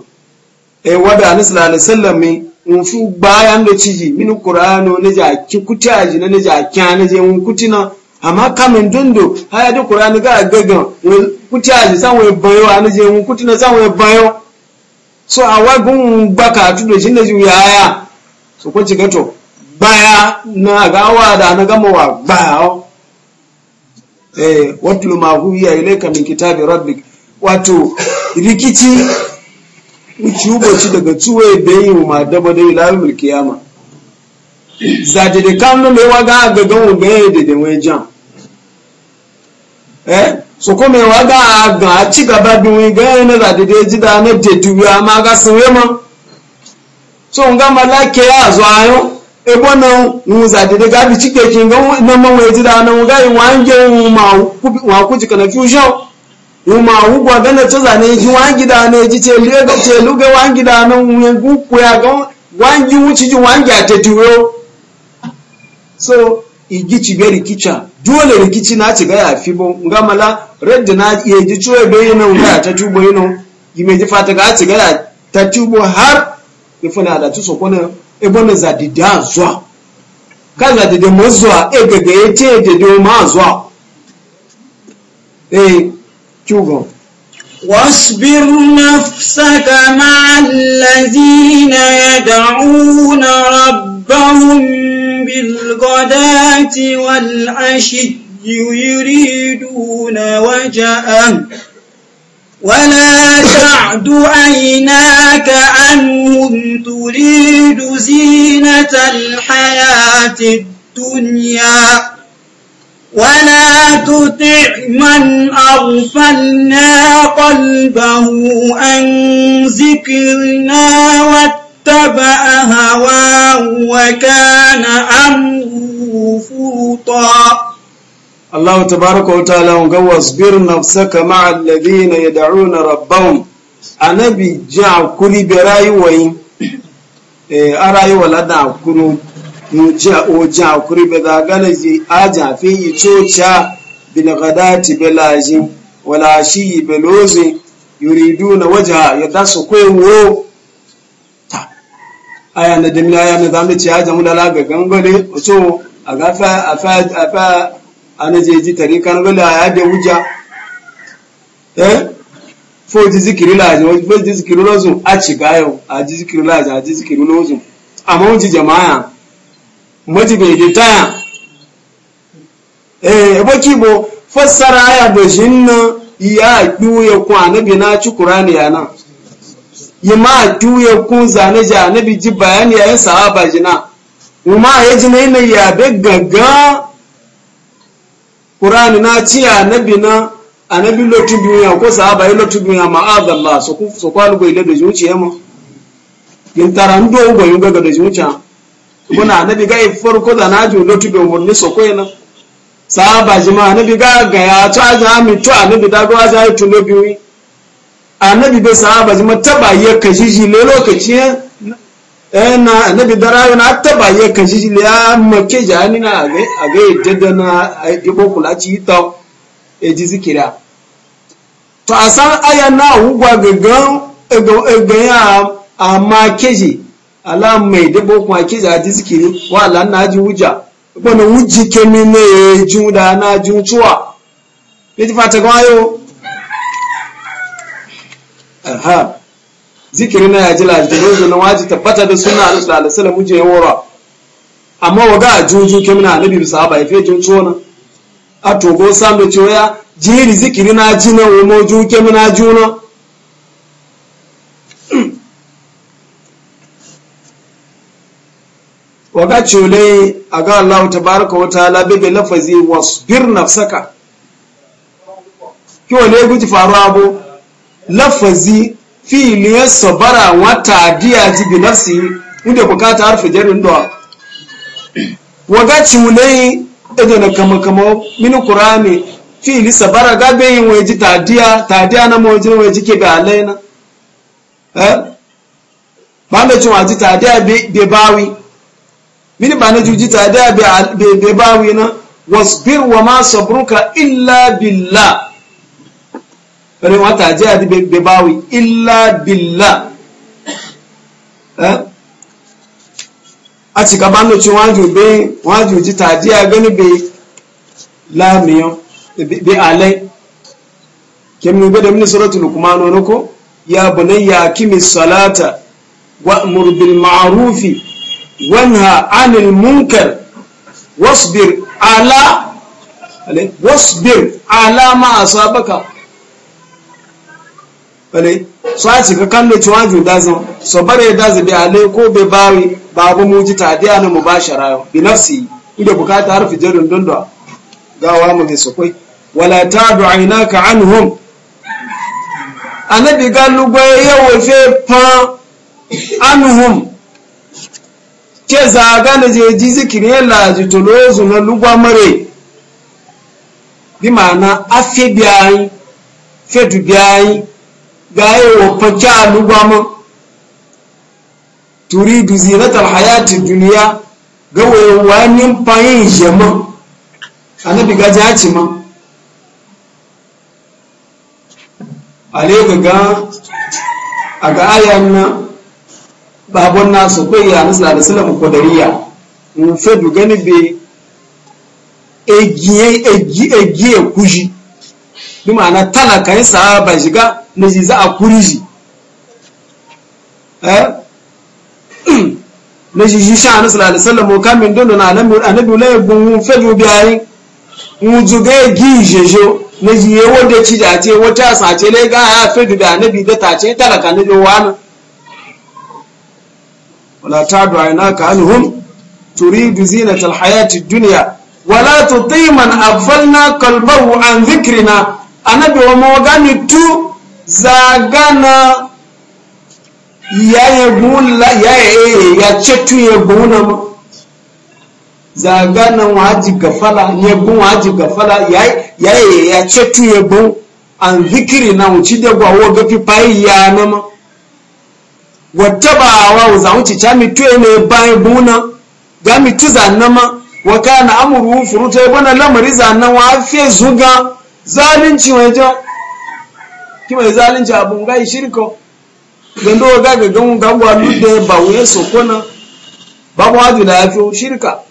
e wada anas sallallahu alaihi wasallam mun fu bayan da ciji min qur'anu na ja ki kutaji na ja kya na je mun kutina amma kamin dondo haya da qur'anu ga gagan kutaji san wai e bayo an je mun kutina san wai e bayo so a wagun baka tudo shi na juya ya so ko ciga to baya na gawa da na gama wa baya eh watlu ma huya ilayka min kitabi rabbik wato rikici ubo uboci daga yi wa ma daba da ilalul kiyama zadede kan no mewa ga gagan wa ga yede de wejan eh so kome wa ga ga ci gaba duwi ga na da da ji da na de duwa ma ga sunwe ma so nga malake ya zo ayo e bona nu za de ga bi ci ke kin ga na ma we ji da na ga yi wange mu ma wa ku ji kana fusion mu ma wu gwa ga na to za ne ji wangi da na ji ce le ga ce lu ga wangi da na mu ne ku ku ya ga wangi wuci ji wangi a te duwo so igici be rikica dole rikici na ci gaya fi bo ngamala redda na iya ji ciwo be yana nga ta tubo yana mai ji fata ga ci gaya ta tubo har ya ifuna da tuso kona ebe na zadida zuwa ka da ma zuwa e gaga ya ce da da ma zuwa e kyugo واصبر نفسك مع الذين
يدعون ربهم ربهم بالغداة والعشي يريدون وجأة ولا تعد عيناك عنهم تريد زينة الحياة الدنيا ولا تطع من أغفلنا قلبه أن ذكرنا اتبع هواه وكان أمره
فرطا الله تبارك وتعالى واصبر نفسك مع الذين يدعون ربهم أنا بجع كل براي وين أراي ولا دع كل وجع كل بدعالي أجع فيه توشا بالغداة بلاجي ولا شيء بلوزي يريدون وجهه يدعس كل aya na dimina aya na zamu ciya jamu da ga gangole so a gafa a fa a fa ana je ji tari kan gole a yade wuja eh fo ji zikiri la je fo ji zikiri a ci gayo a ji zikiri la a ji zikiri lozu amma wuji jama'a maji bai ji taya eh e baki bo fassara aya da jinna ya kiwo ya kwana bi na ci qur'ani nan yi ma juye kun zane ja bi ji bayani a yin sahaba jina kuma ya ji na yana yabe gaga ƙurani na ci nabi na annabi lotu duniya ko sahaba yi lotu duniya ma'azallah so kwalu ile da zuciya ma yin tara ndo yin gaga da zuciya kuna annabi ga yi farko da na ji lotu da wani so kwai na sahaba jima annabi ga ga ya ta jami to annabi da ga wa ja yi tuno annabi bai sahaba ji mataba ya kashi shi le lokaci eh, eh, na annabi darayo na taba ya kashi shi le ya make jani na a ga yadda da na ibo kula ci ita e ji zikira to a san aya na hugwa gagan eganya a make shi ala mai dabo kuma keji a ji zikiri wa ala na ji wuja wani wuji kemi ne ya ji da na ji wucuwa ne ji fata yau. ha zikiri na yaji lajiro zuwa waji tabbata da sunna alaihi wasallam muje wora amma waga juju kemna annabi ya ife jin tsona a togo sam da cewa jiri zikiri na ji na wo moju kemna juna waga a ga Allah tabaraka wata ta'ala da lafazi wasu birna saka kiwa ne guji faruwa bo lafazi fi'ili ya sabara wata diya ji bi nafsi inda bukata harfi jarin da waga cunai ido na kama kama mini kurami fi'ili sabara ga gabe yin waje tadiya tadiya na wajen wa ji ke ga na? Eh? ba na cin waje tadiya be bawi mini ba na juji tadiya be bawi na wasbir wa ma sabruka illa billah wani wata je a be bawi illa billa eh? a cika ba nuci waju ji ta je a gani be lamiyan be alai kemgbe gbada mini suratul kuma ko ya bunayya kimi salata wa'mur ma'arufi ma'rufi wanha 'anil munkar wasbir ala wasbir ala ma asabaka bale so a cika kan da cewa ju dazo so bare dazu bi ale ko be bawi babu muji dia na mubashara bi nafsi inda bukata harfi jarin dondo gawa mu ne kai wala tadu aynaka anhum anabi galu gwe yawo fe pa anhum ke ga na je ji zikirin yalla ji tolozu na lugwa mare bi ma'ana afi biyayi fedu biyayi gaye wa a lugwamin turidu zinatar hayati duniya ga wayewanin fayin yaman annabi gaji ya ce man ale ga a ga ayan nan babon nasu kai ya nasu da salamu mun be egiye egiye kuji bi ma'ana talaka yin sahaba shiga na shi za a kuri shi na eh? shi shi sha anasu lalai sallama min dondo na anabi laye gungun fejo biyayi nzuga ya gi jejo na shi ya wanda ci da ce wata sace ne ga ya fejo da anabi da ta ce talaka na jowa na wala ta duwa ina ka turi turidu zinatal hayati duniya wala tuti man afalna qalbahu an zikrina anabi wa mawagani tu zagana eh, ya gula yaye ya cetu ya guna ma zagana waji gafala ya gun waji gafala ya yaye ya cetu ya gun an zikiri na wuci da gwawo gafi fayi ya na ma wata ba wa za wuci ca mitu ne bayan guna ga mitu na ma wa kana amuru furuta ya bana lamari na wa fiye zuga zalunci mai jan ki mai zalunci abun gai shirko don do ga ga gan duk da ba wuye sokona ba mu haju da yafi shirka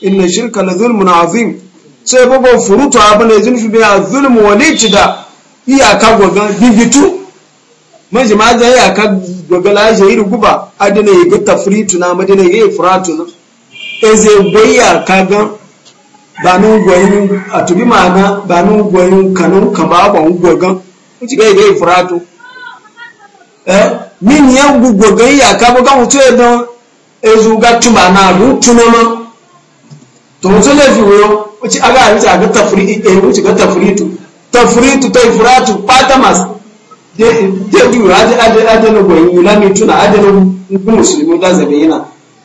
inna shirka la zulmun azim sai bugo furuto abu ne zulfi bi zulmu wal itida iyaka gogan bibitu manji ma ja iyaka gogan la shairu guba adina yi ga tafritu na madina yi furatu na eze bayya ka gan ba nu gwayin a tubi ma'ana ba nu gwayin kanun ka ba ba mu gwagan kuci ga ide ifrato eh min yan gugwagan ya ka ba ga mutu ya don ezu ga tuma na ru tunama to mutu le fi wo kuci aga a ga Tafuri eh kuci ga tafritu tafritu ta ifratu patamas de de di aje aje aje no gwayin la mi tuna aje no musulmi da zabe yana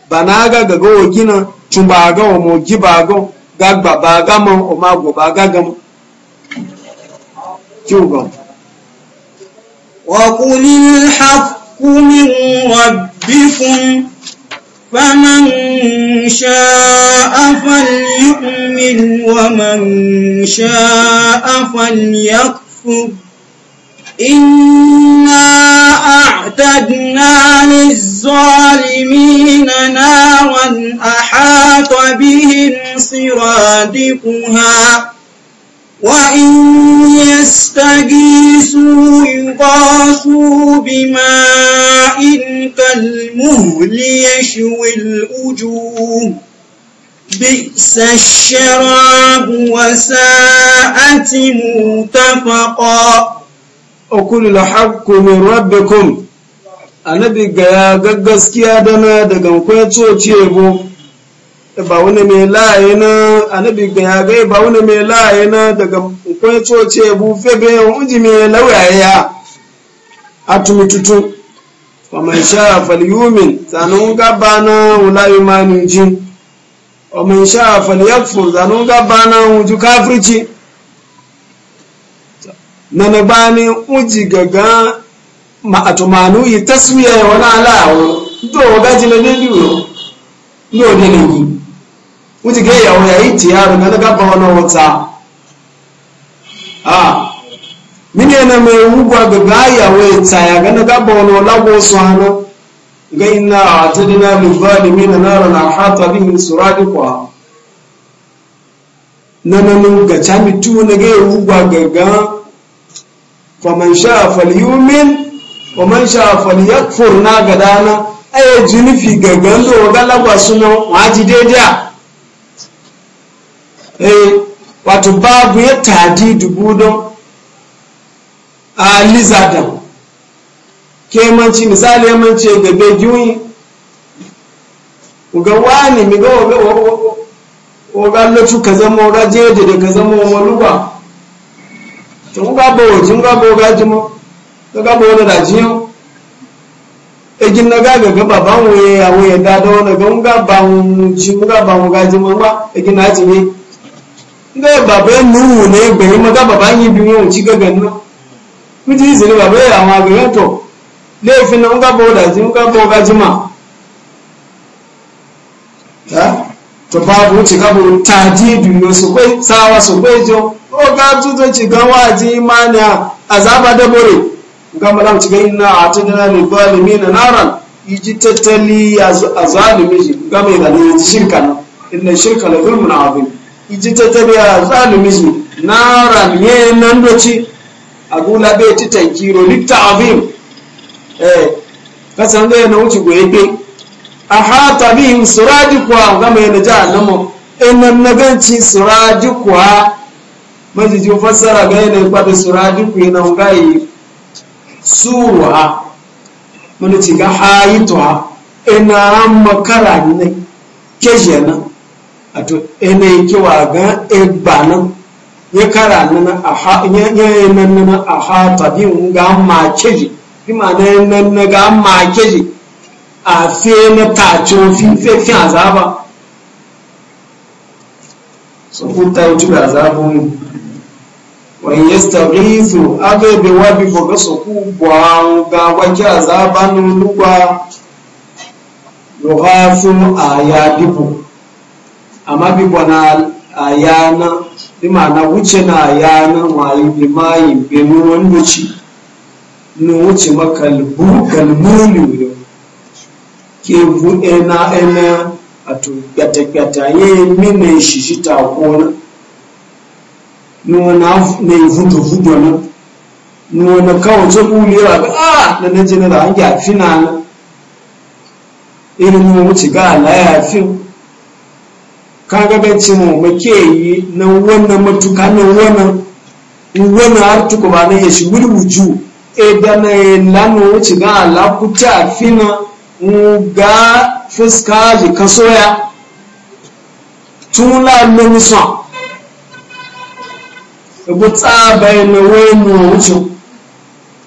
bana ga ga gawakina tumba ga mo gibago gagba ba gamo o ma go ba gagama kyuga
wa qulil al haqq min rabbikum faman sha'a falyu'min wa man sha'a falyakfur inna a'tadna liz للظالمين نارا أحاط بهم صرادقها وإن يستغيثوا يغاثوا بماء كالمهل يشوي الوجوه بئس الشراب وساءت متفقا
وكل الحق من ربكم annabi ga ya gaggaskiya dana daga kwaya ce bo ba wani mai laye na annabi ga ya gai ba wani mai laye na daga kwaya coce bo febe unji mai lauyaya a tumututu wa faman sha falyumin zanun gaba na wulayi manin jin faman sha falyakfur zanun gaba na wuju kafirci na na bani uji gaga àtùmàánú yìí tẹ́sùmí ẹ̀wọ̀n náà láàrùn tó ọ̀gá jílẹ̀ lélì rò ní òde nìyí wọ́n ti gé ìyàwó yàí tí a rò gánà gábà wọn náà ta nínú ẹ̀nà mẹ́ wúgbọ́ agbègbè àyàwó ìta yà gánà gábà wọn lágbó sọ àná gẹ́ iná àtẹ́dínà lùbọ́ àdìmí nà náà rọ̀nà àhátà bí mi sọ̀rọ̀ àdìpọ̀ nana nu gàchá mi tú na gẹ́ wúgbọ́ agbègbè faman sha falyumin wa man sha falyakfur na gadana aye jinifi gagan do galagwa suno waji daidai eh wato babu ya taji dubu don a lizadan kemanci misali yamanci ga begiyoyi ga wani mi ga oga lotu ka zama jeje da ka zama omaluba tun ga daga ba wani rajiyo egin na e, gaga ga baban waye a waye da da wani ga nga ba mu ji mu ba mu ga mu ma egin na ji ne nga baba nu ne gbe mu ga baba yi bi mu ci ga ganna mu ji zuri baba ya ma ga to laifin na nga ba da ji mu ga ba ga ji ma ha to babu ci ga bu taji bi mu su kai sawa su kai jo o ga tuto ci ga waji imani azaba da bore gama lam ciga na a nufa libalimi na naran iji tattali a zalimi shi gama da ne yanzu shirka na inda shirka la na abin iji tattali a zalimi shi naran ne nan doci a gula bai ti tankiro litta abin eh kasan da na wuce goye bai a hata bihim surajikuwa gama yana ji annamu inan suraji kuwa majiji fassara ga yanayin kwaɗin surajikuwa na hungayi suruha wani ci ga hayituha ina makara ne keje na a to ina yake wa ga egba nan ya kara nan a ha ya ya nan nan a ha tabin ga ma keje bi ma nan nan ga ma keje a na ta fi fi azaba so ko wọ́n yẹ staghizu agẹ́bẹ̀ wá bí bọ̀gá sọ̀kú bọ̀ àrùn ga wájú àzábánu lúgbà lọ́ha fún àyà dìbò àmá bíbọ̀ na àyà náà bí màá ní ma kalbu ke bu ẹna ẹna àtò gbàtàgbàtà yẹ mí na ìṣìṣì ta kó nuna vuto-vuto na nuna kawai ce kulewa ga a na na jina da hangi a fina irin mu wuce ga alaya fin kaga bai ci mu make yi na wannan matuka na wannan wannan har tuku ba na yashi wuri wuju e da na e lanu wuce ga alakuta fina mu ga fuska ji kasoya tun la lomisan ebo tsaba ene wenu wucho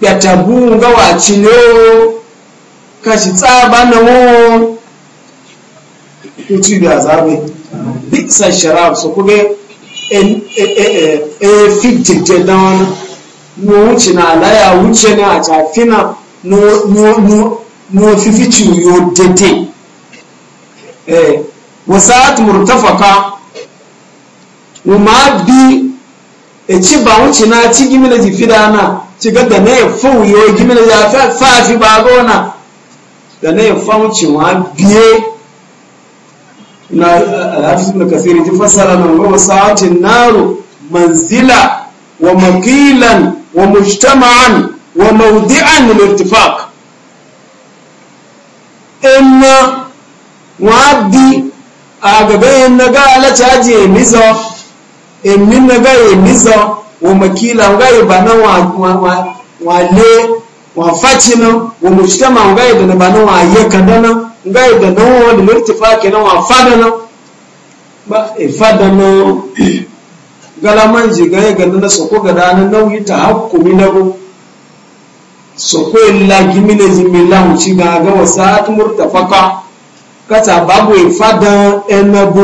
yatabunga wachino kashi tsaba na wo kuti da zabe bisa sharab so kuge en e e e fitte te don no wuce na alaya wuce ne a tafina no no no no fifici yo tete eh wasat murtafaka وما بي ci ba wuce na ci na jifi da na ci ga da na ya fawuyo na ya fafi ba gona da na ya fawuce ma biye na alhafiz ibn kasiri ji fassara na wasu sa'atin naru manzila wa makilan wa mujtama'an wa maudi'an lil irtifaq inna wa bi a yin na ga alata je mizo èmi náà gáyè mízọ wòmọ̀kílà gáyè bàná wà lé wà fácínà wòmọ̀sítẹ́mà gáyè dànà bàná wà yẹ kàdánà gáyè dànà wọn lè lórí na kẹ́nà wà na. ba fádánà galamanji gáyè soko sọ̀kọ́ gàdánà náwó ta hakùnmí náwó sọ̀kọ́ ìlà gímínà jìmìlà ga gàgà wasa, sáà tó mọ̀rọ̀ kata babu ifadan e ẹnabó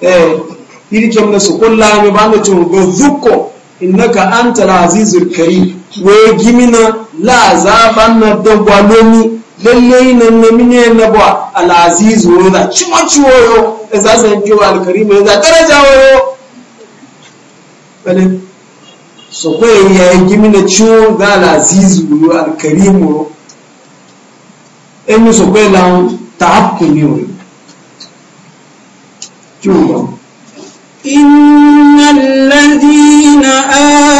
e ẹ e, iri jamna su kulla ba na cin ga zuko anta azizul karim we gimina la zaban na dagwa lomi lalle na na ba al aziz wo da cima e za al karim e za daraja wo bale so ko ya gimina ciwo ga al aziz wo al karim wo en so ko la wo ciwo
إن الذين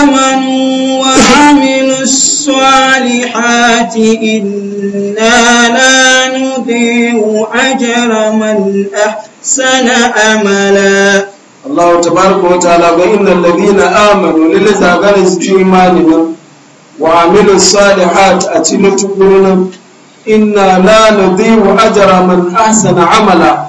آمنوا وعملوا الصالحات إنا
لا نضيع أجر من أحسن أملا الله تبارك وتعالى إن الذين آمنوا للذين استيمانهم وعملوا الصالحات أتلتقلنا إنا لا نضيع أجر من أحسن عملا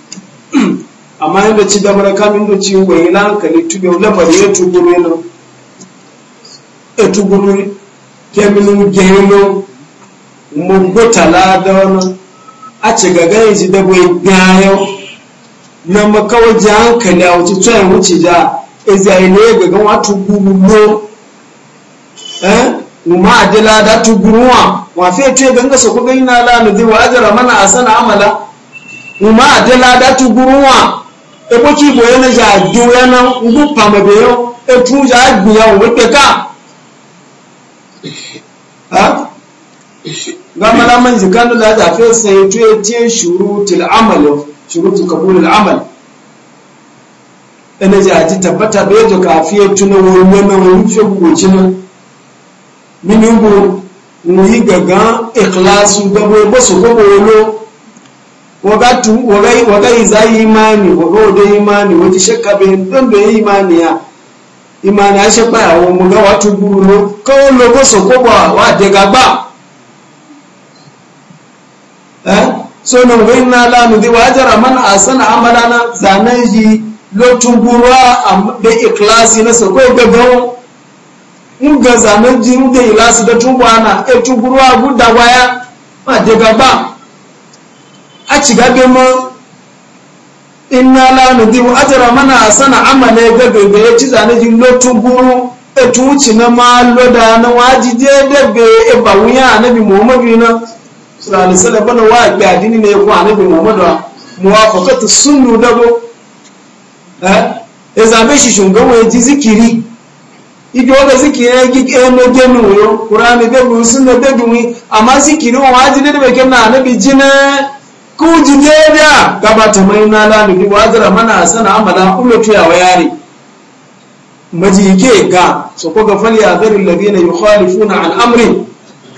amma yadda ci da mara kamin da ci wani na hankali tube lafari ya tuguru na ya tuguru keminin gero mugota da wani a ci gaga ya ji dabo ya gayo na makawa ji hankali a wuce tsayin wuce ja ezayi ne ya gaga wa tuguru no eh ma adila da tuguruwa wa fe tuye ganga sa kuɗin na la zai wa ajara mana a sana amala ma adila da tuguruwa ebotsi ibo yɛ ne dza adu ya na ŋgo pame be yɔ etu agbi ya wo kpe ka ha gbamala zika no la dza fɛ sɛn etu etie shuru til amal yɔ shuru til kabul al amal ene dza ati tabbata be to ka fi etu na wo nyɛ na wo fi ko tsi na mini ŋgo ŋu yi gangan ikilasi gbɛbo ebo so gbɛbo wo lo. wagai za yi imani wagai da imani wajen shakka bai don da yi imani ya imani ya ṣe pẹ́ àwọn ọmọ náà wá tún gbúrú ló kọ́ ó lo kó sòkó bọ̀ so ní òwe iná lánàá tí wàá jẹ́ra mọ́nà àsánà amadana zànà yìí ló tún gbúrú àbẹ́ ìkíláàsì náà sòkó gbẹgbẹ́ wọn ń gẹ̀ zànà yìí ń dẹ̀ ìlàsì tó tún bọ̀ àná ètò gbúrú àgùdàwáyà a ci gabe ma inna la nudimu ajra mana asana amala ga gabe ya ci zane jin lotu guru e tuci na ma loda na waji je dabe e ba wuya annabi muhammadu na sallallahu alaihi wasallam bana wa ga adini ne ko annabi muhammadu muwafaqatu sunnu dabo eh e zabe shi shungawa ya ji zikiri ibi wanda zikiri ya gi eno genu yo qur'ani da sunna da dumi amma zikiri wa waji ne da bai kenna annabi jina kuji deda gabata mai na da ni wazira mana sana amala ulo tuya wayari majike ga so ko ga fali azar alladhina yukhalifuna an amri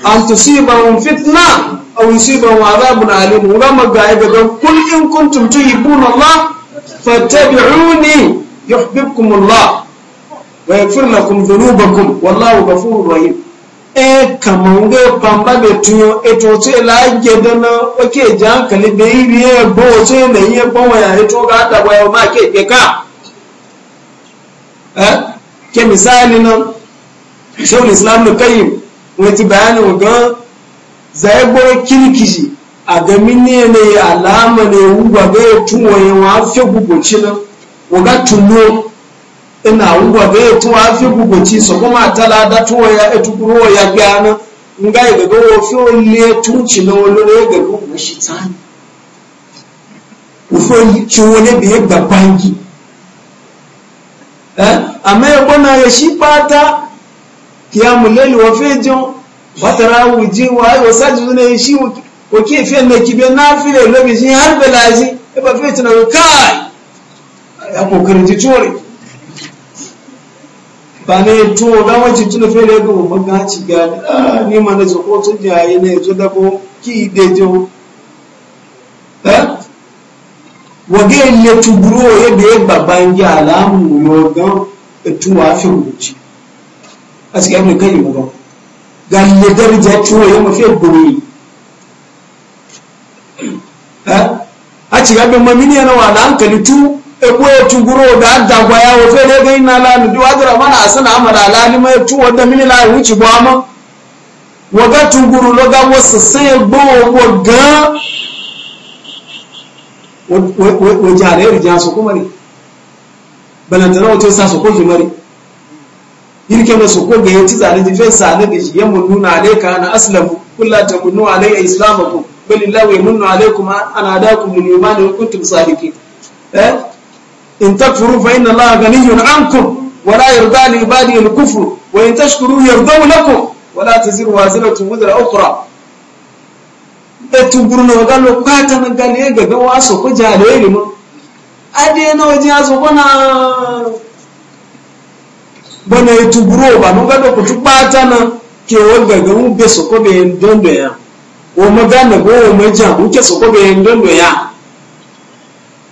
an tusibahum fitna aw yusibahum adhabun alim ma ga ga kul in kuntum tuhibuna allah fattabi'uni yuhibbukum allah wa yaghfir lakum dhunubakum wallahu ghafurur rahim e kaman ga pamba be tuyo e to ce la gede na oke ji hankali da iri ya bo ce na iya gbanwa ya ito ga da waya ma ke ke ka eh ke misali na shawul islam da kayyim wati bayani ga zai gboro kirkiji a ga minne ne alama ne wuba ga tuwo ya wa fi gugunci na waga tuno ina ugwa ga yetu afi gugoci so kuma tala da tuwa ya etukuro ya gana nga ga e ga ofi ole tunci na olore ga gugu shi tani ufo ki wole bi e ga bangi eh amma ya e bona ya shi pata kiya muleli wa fejo batara wuji wa ayo saji ne shi ko ke fe ne kibe na fi le lobi shi har belaji e ba fe tana kai ya kokarin ji tore ba ne to ga wancin tuna fere ga mu ga ci ga ah, ni ma na ko tun jaye ne zo da ko ki de jo eh wage ne tuburo da be baban ji alamu yo ga tu wa fi wuci aski abin kai mu ga le darja tuwo ye mu fe buri eh a ci ga be mamini yana wa da hankali tu ekwe tuguro da dagwa ya wo fere ina la ndu adra mana asana amara alali ma tu wada mini la wichi bo ama waga tuguru loga ga wo sese gbo wo gan wo jare ri jaso kuma ri balantana wato sa so ko ki mari yirke na so ko ga yati zare di fe sa ne shi yamu nuna alayka ana aslamu kullata kunu alayya islamakum bal illahu yamunnu alaykum an adakum lil iman wa kuntum sadiqin eh in takfuru fa inna allaha ghaniyyun ankum wa la yarda li ibadihi al-kufr wa in tashkuru yardaw lakum wa la taziru waziratun wizra ukhra etu gurno galo kwata na gale gaga waso ko jale ilimo ade na waje aso bona bona etu guro ba no gado kutu kwata na ke wo gaga mu be soko be ndondo ya wo magana go wo maja ku ke soko be ndondo ya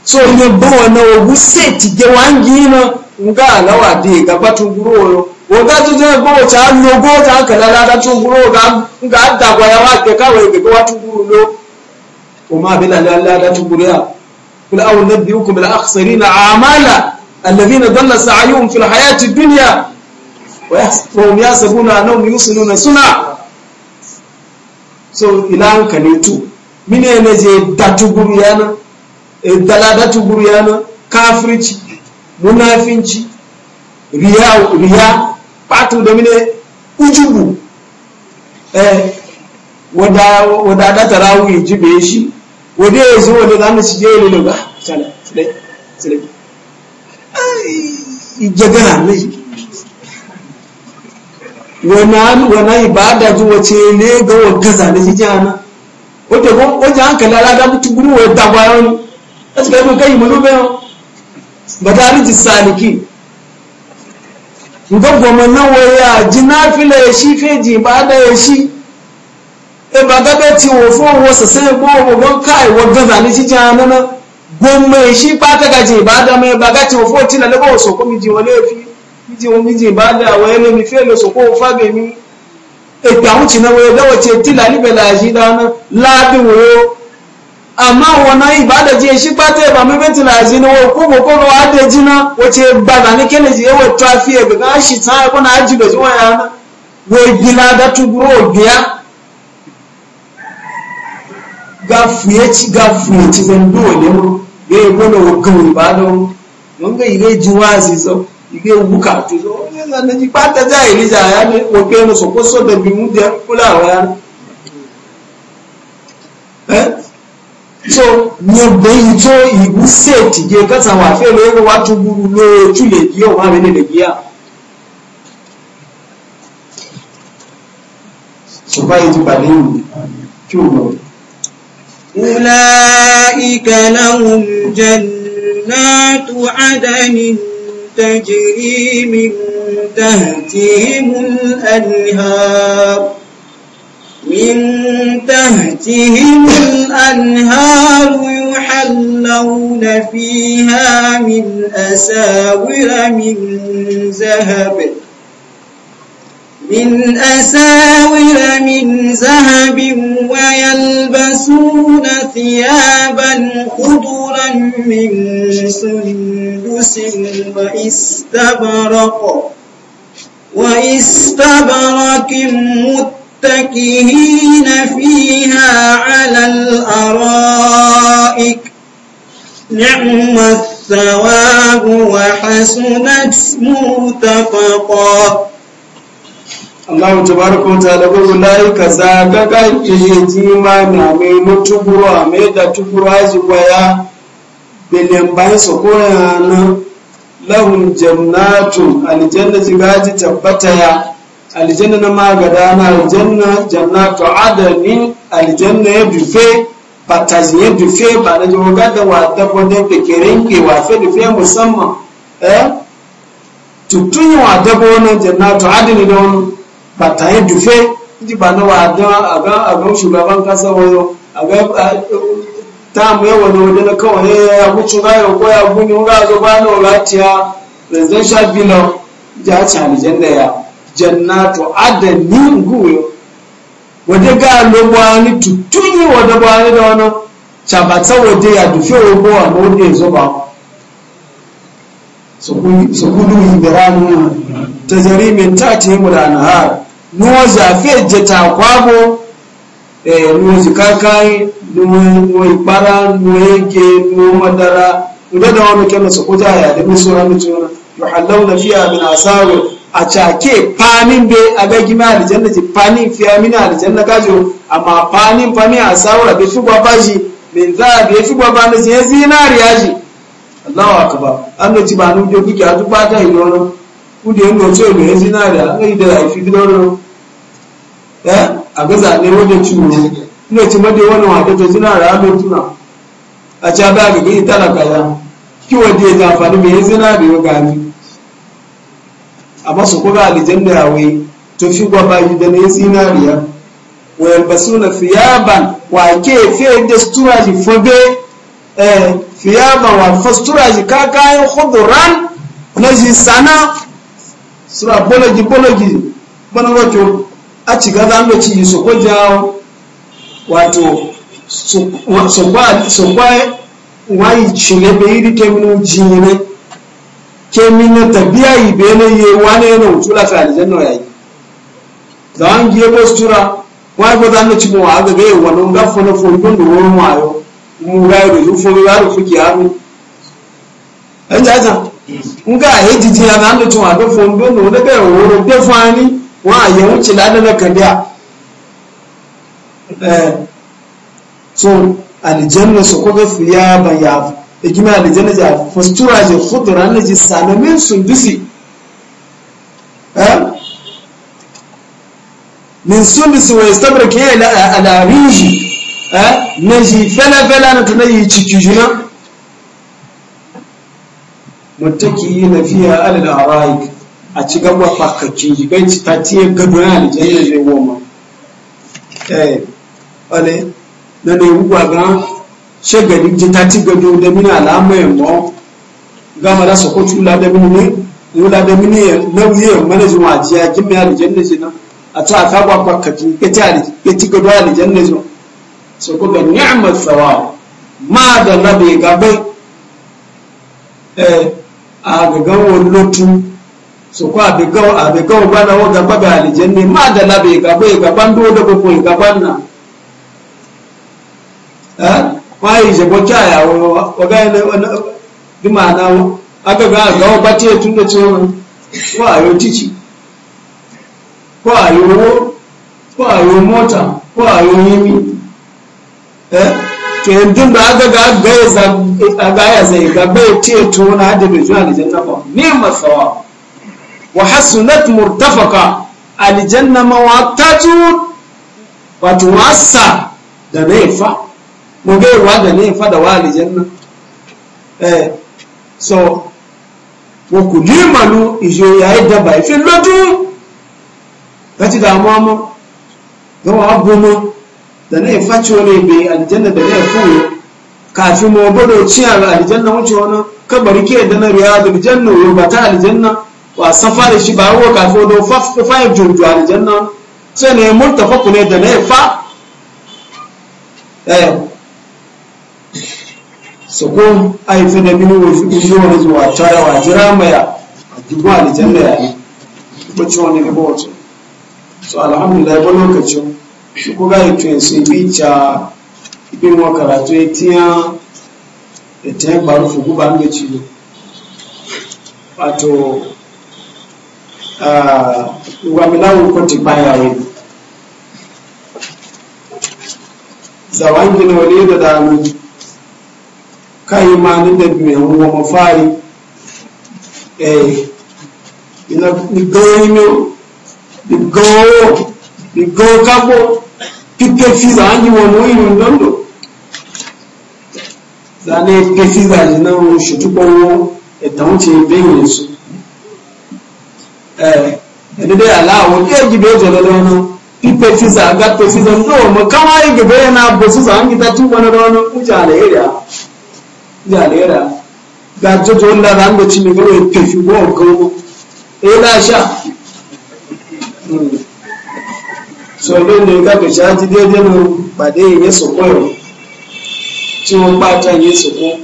so ne bawa na oguseti ge wangina nga lawa de ga batunguro yo woga tuje bawa cha logo ta kala la tun tunguro ga nga da kwa ya kawai ka kwa ko watunguro lo kuma bila la la da tunguro ya kul aw nabiyukum bil akhsarina a'mala alladhina dhalla sa'yuhum fil hayati dunya wa hum yasabuna annahum yusinuna suna so ilan kalitu mine ne je datuguru yana Eh, dalalatu buryana kafirci munafinci riya riya patu da mine ujubu eh wada wada da tarawih jibe shi wada yazo wani zamu shi jele ne ba sala sala sala ai jagana ne wana wannan ibada ji wace ne ga wa gaza ne jana wata wajen hankali ala da mutu guru wa dagwayon ẹsìkẹ́ ẹnu kẹ́yìn mọ́ ló bẹ́ẹ̀ bàtà àríjì sàlìkì goma nawa ya jináfilẹ̀ èṣí fèjì ìbáadá èṣí ẹbà gábẹ́ tí wò fún owó sẹ̀sẹ̀ gbọ́ ọgbọ́n ká ìwọ̀ gánzà ní jíjẹ́ anáná gbọmọ èṣí pátákàjì ìbáadá mọ́ ẹbà gá tí wò fún òtí lálẹ́bọ̀ òṣòkó mi jìwọ́n léèfí mi jìwọ́n mi jì ìbáadá àwọn ẹlẹ́mi fẹ́ lọ sòkó fábẹ̀mí ètò àwọn tìǹà wọ̀ ẹ̀dọ́wọ̀ tí àmọ́ àwọn náà ìbádẹ̀jì ìṣípàtẹ́ ìbámu mẹ́tìláàjì ni wọ́n kó kókó lọ́wọ́ àdẹ̀jì náà wọ́n ti gbàgbà ní kẹ́lẹ́jì ewé tráfì ẹ̀gbẹ̀ náà ṣì tán ko náà jìbẹ̀ tí wọ́n yà á wọ́n ebi ládá túbúrú òbí ci ci zan mu yi gbọ́dọ̀ ogun ìbádọ́ wọn gbé ilé ju wá sí sọ ilé wúkà so nyogbe ito igu seti je kasa wa fe le ro watu guru lo chule yo ma bene le giya so ba yi ba
ni adanin tajri min tahtihim من تحتهم الأنهار يحلون فيها من أساور من ذهب من أساور من ذهب ويلبسون ثيابا خضرا من سندس واستبرق واستبرق مت متكئين فيها على الأرائك نعم
الثواب وحسنت مرتفقا Allah tabaraka wa ta'ala gudu lai kaza ga ga ihe jima na me mutuburo a me da tuburu aji gwaya belen bayan su koya na lahun jannatu aljanna ji gaji tabbata ya aljanna na magada na aljanna jannatu adalin aljanna ya dufe batazi ya dufe ba na jiwo gada wa dabodin da ke rinke wa fe dufe musamman eh tutun yi wa dabo na jannatu adalin da wani bata ya dufe ji ba na wada a ga shugaban kasa wayo a ga eh, ta mu yawa na wajen kawai eh, ya wuce ga ya koya guni ga zo ba na wulatiya zanzan sha bilan ja ci aljanna ya jannatu adani nguyo wode ga lo bwani tutunyi wade bwani da wani chabata wade ya dufe ogo a lode zo ba so kudu ibiranu ta Tazari min ta ce mu da nahar nuwa zafe jeta kwabo nuwa zikakai nuwa ikpara nuwa yake nuwa madara wode da wani kenan su kuta ya da misura mutuna yuhallawna fiya min asawir a cake fanin bai a gagi mai aljanna ji fanin fiya mini aljanna kajo amma fanin fami a bai be figwa shi min za bai figwa ba na sai zinariya ji Allahu akbar an ga ci ba nu jogi ki duk bata idono ku de ngo so be zinariya an ga da ai figdoro ya a ga ne wajen ci mu ne ci made wani wata zina zinariya be tuna a ca ba ga ga ita la kaya kiwo de ta mai be zinariya ga gani amma su kuga aljanna ya wai to fi gwaba yi da ne zinariya wa yalbasuna thiyaban wa ke fe da sutura ji fobe eh thiyaban wa fastura ji ka kayan khudran na ji sana sura bologi bologi bana wato a ci gaza an ci su ko jawo wato su kwa su kwa wai chile be iri teminu jinene kemi na tabiya yi bene ye wane yana wutula fi aljanna ya yi da an giye bo sutura wani ko zan ci mu aga ga yawa non ga fona fon gun da wani mu ga da zu fo ga da fuki haru an ja ta mun ga he jiji ya nan da tun aga fon gun da wani ga woro de fani wa ya wuce da na kadiya eh so a su ko ga fiya ba ya igina aljana ja fastura je khudra na ji sanamin sundusi min sundusi wa yastabrake ke ala rinji na ji fela fela na tana yi ciki juna mutaki na fiya alal araik a ci gaba fakakki benci ta tiye gado na aljana je goma eh wale na ne gugwa ga shagali ji ta ci gado da mini alama yamma gama da sako tula da mini ne nula da mini ya nauyi ya mana ji wajiya gimmi alijanna ji nan a ta aka ba bakkaci ya ci gado alijanna ji sako ga ni'amar tsawa ma da a gagan wani lotu so ko bana wo gaba ga ma da labe gaban gaban na kwayi je gwakya ya waga yana wani dima na aka ga ga wa bate tun da cewa ko a yau titi ko a yau ko a yau mota ko a yau yimi eh to yanzu da aka ga ga ya za ga ya zai ga ba ya ce to na da bai zuwa da janna ba ni masawa wa hasunat murtafaka aljanna mawatatu wato wasa da naifa mu bai ruwa da ne fa da walijan nan eh so wo ku ni malu ijo ya da ba fi lodu ga ti da mu amu ga wa abu mu da ne fa chole be alijanna da na fu ka Kafin mu bodo ci a aljanna mu ci kabari kabar ke da na riyadu aljanna yo bata aljanna wa safari shi ba wo kafin fo do fa fa jo jo aljanna sai ne multafaku ne da ne fa eh so ko aifi da mini wofi ɗin wani zuwa tara jira maya a jibuwa alijanna ya ne ko ci wani gaba wato so alhamdulillah ba lokacin su ko gaya su ibi ca ibin wa karatu ya tiya ya tiya baru fugu ba mai ciwo wato wamilawun kwanta baya wani zawangina wani da damu Kayi ma da me wo mo eh ina ni go go go kike fi wo mo zane fi ni na wo shutu ko wo e tawo be yin su eh de ala wo ke ji be zo no fi ga pe fi mo kama yi na bo su za ta tu na no ku ja le galera ga jojo wanda za mu ci ne ga wai tafi go go e eh na sha so don ne ka ta shaji mu ba ya so koyo ci mun ya so ko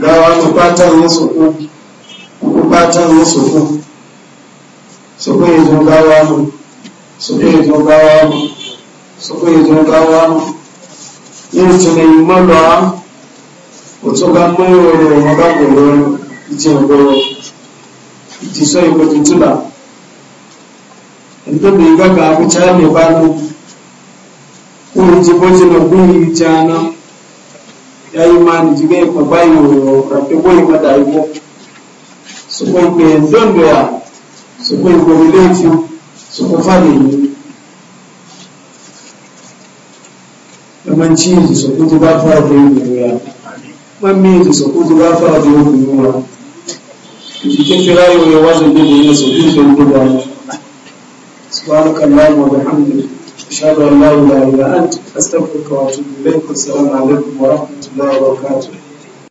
gawa mu ya so ko bata ya so ko so ko ya zo gawa mu so ko ya zo gawa mu so ko ya zo tunanin otsoka mweoro makagoro ichengoro ichiso ikotutula ndobeikagaku chane pano kunjipo chino kuichana yaimani chikeikwa kwaioro rapekoima daipo sokoikwe ndondo ya sokoikwe vilefyu sokofaneni yamanchizi sokuti bafara kweioro yako man miji su kudu ba fa da yau kuma ba cikin firayo ya wazo da ne su kudu da ba subhanaka allahumma wa bihamdika ashhadu an la ilaha illa anta astaghfiruka wa atubu ilayk assalamu alaikum wa rahmatullahi wa barakatuh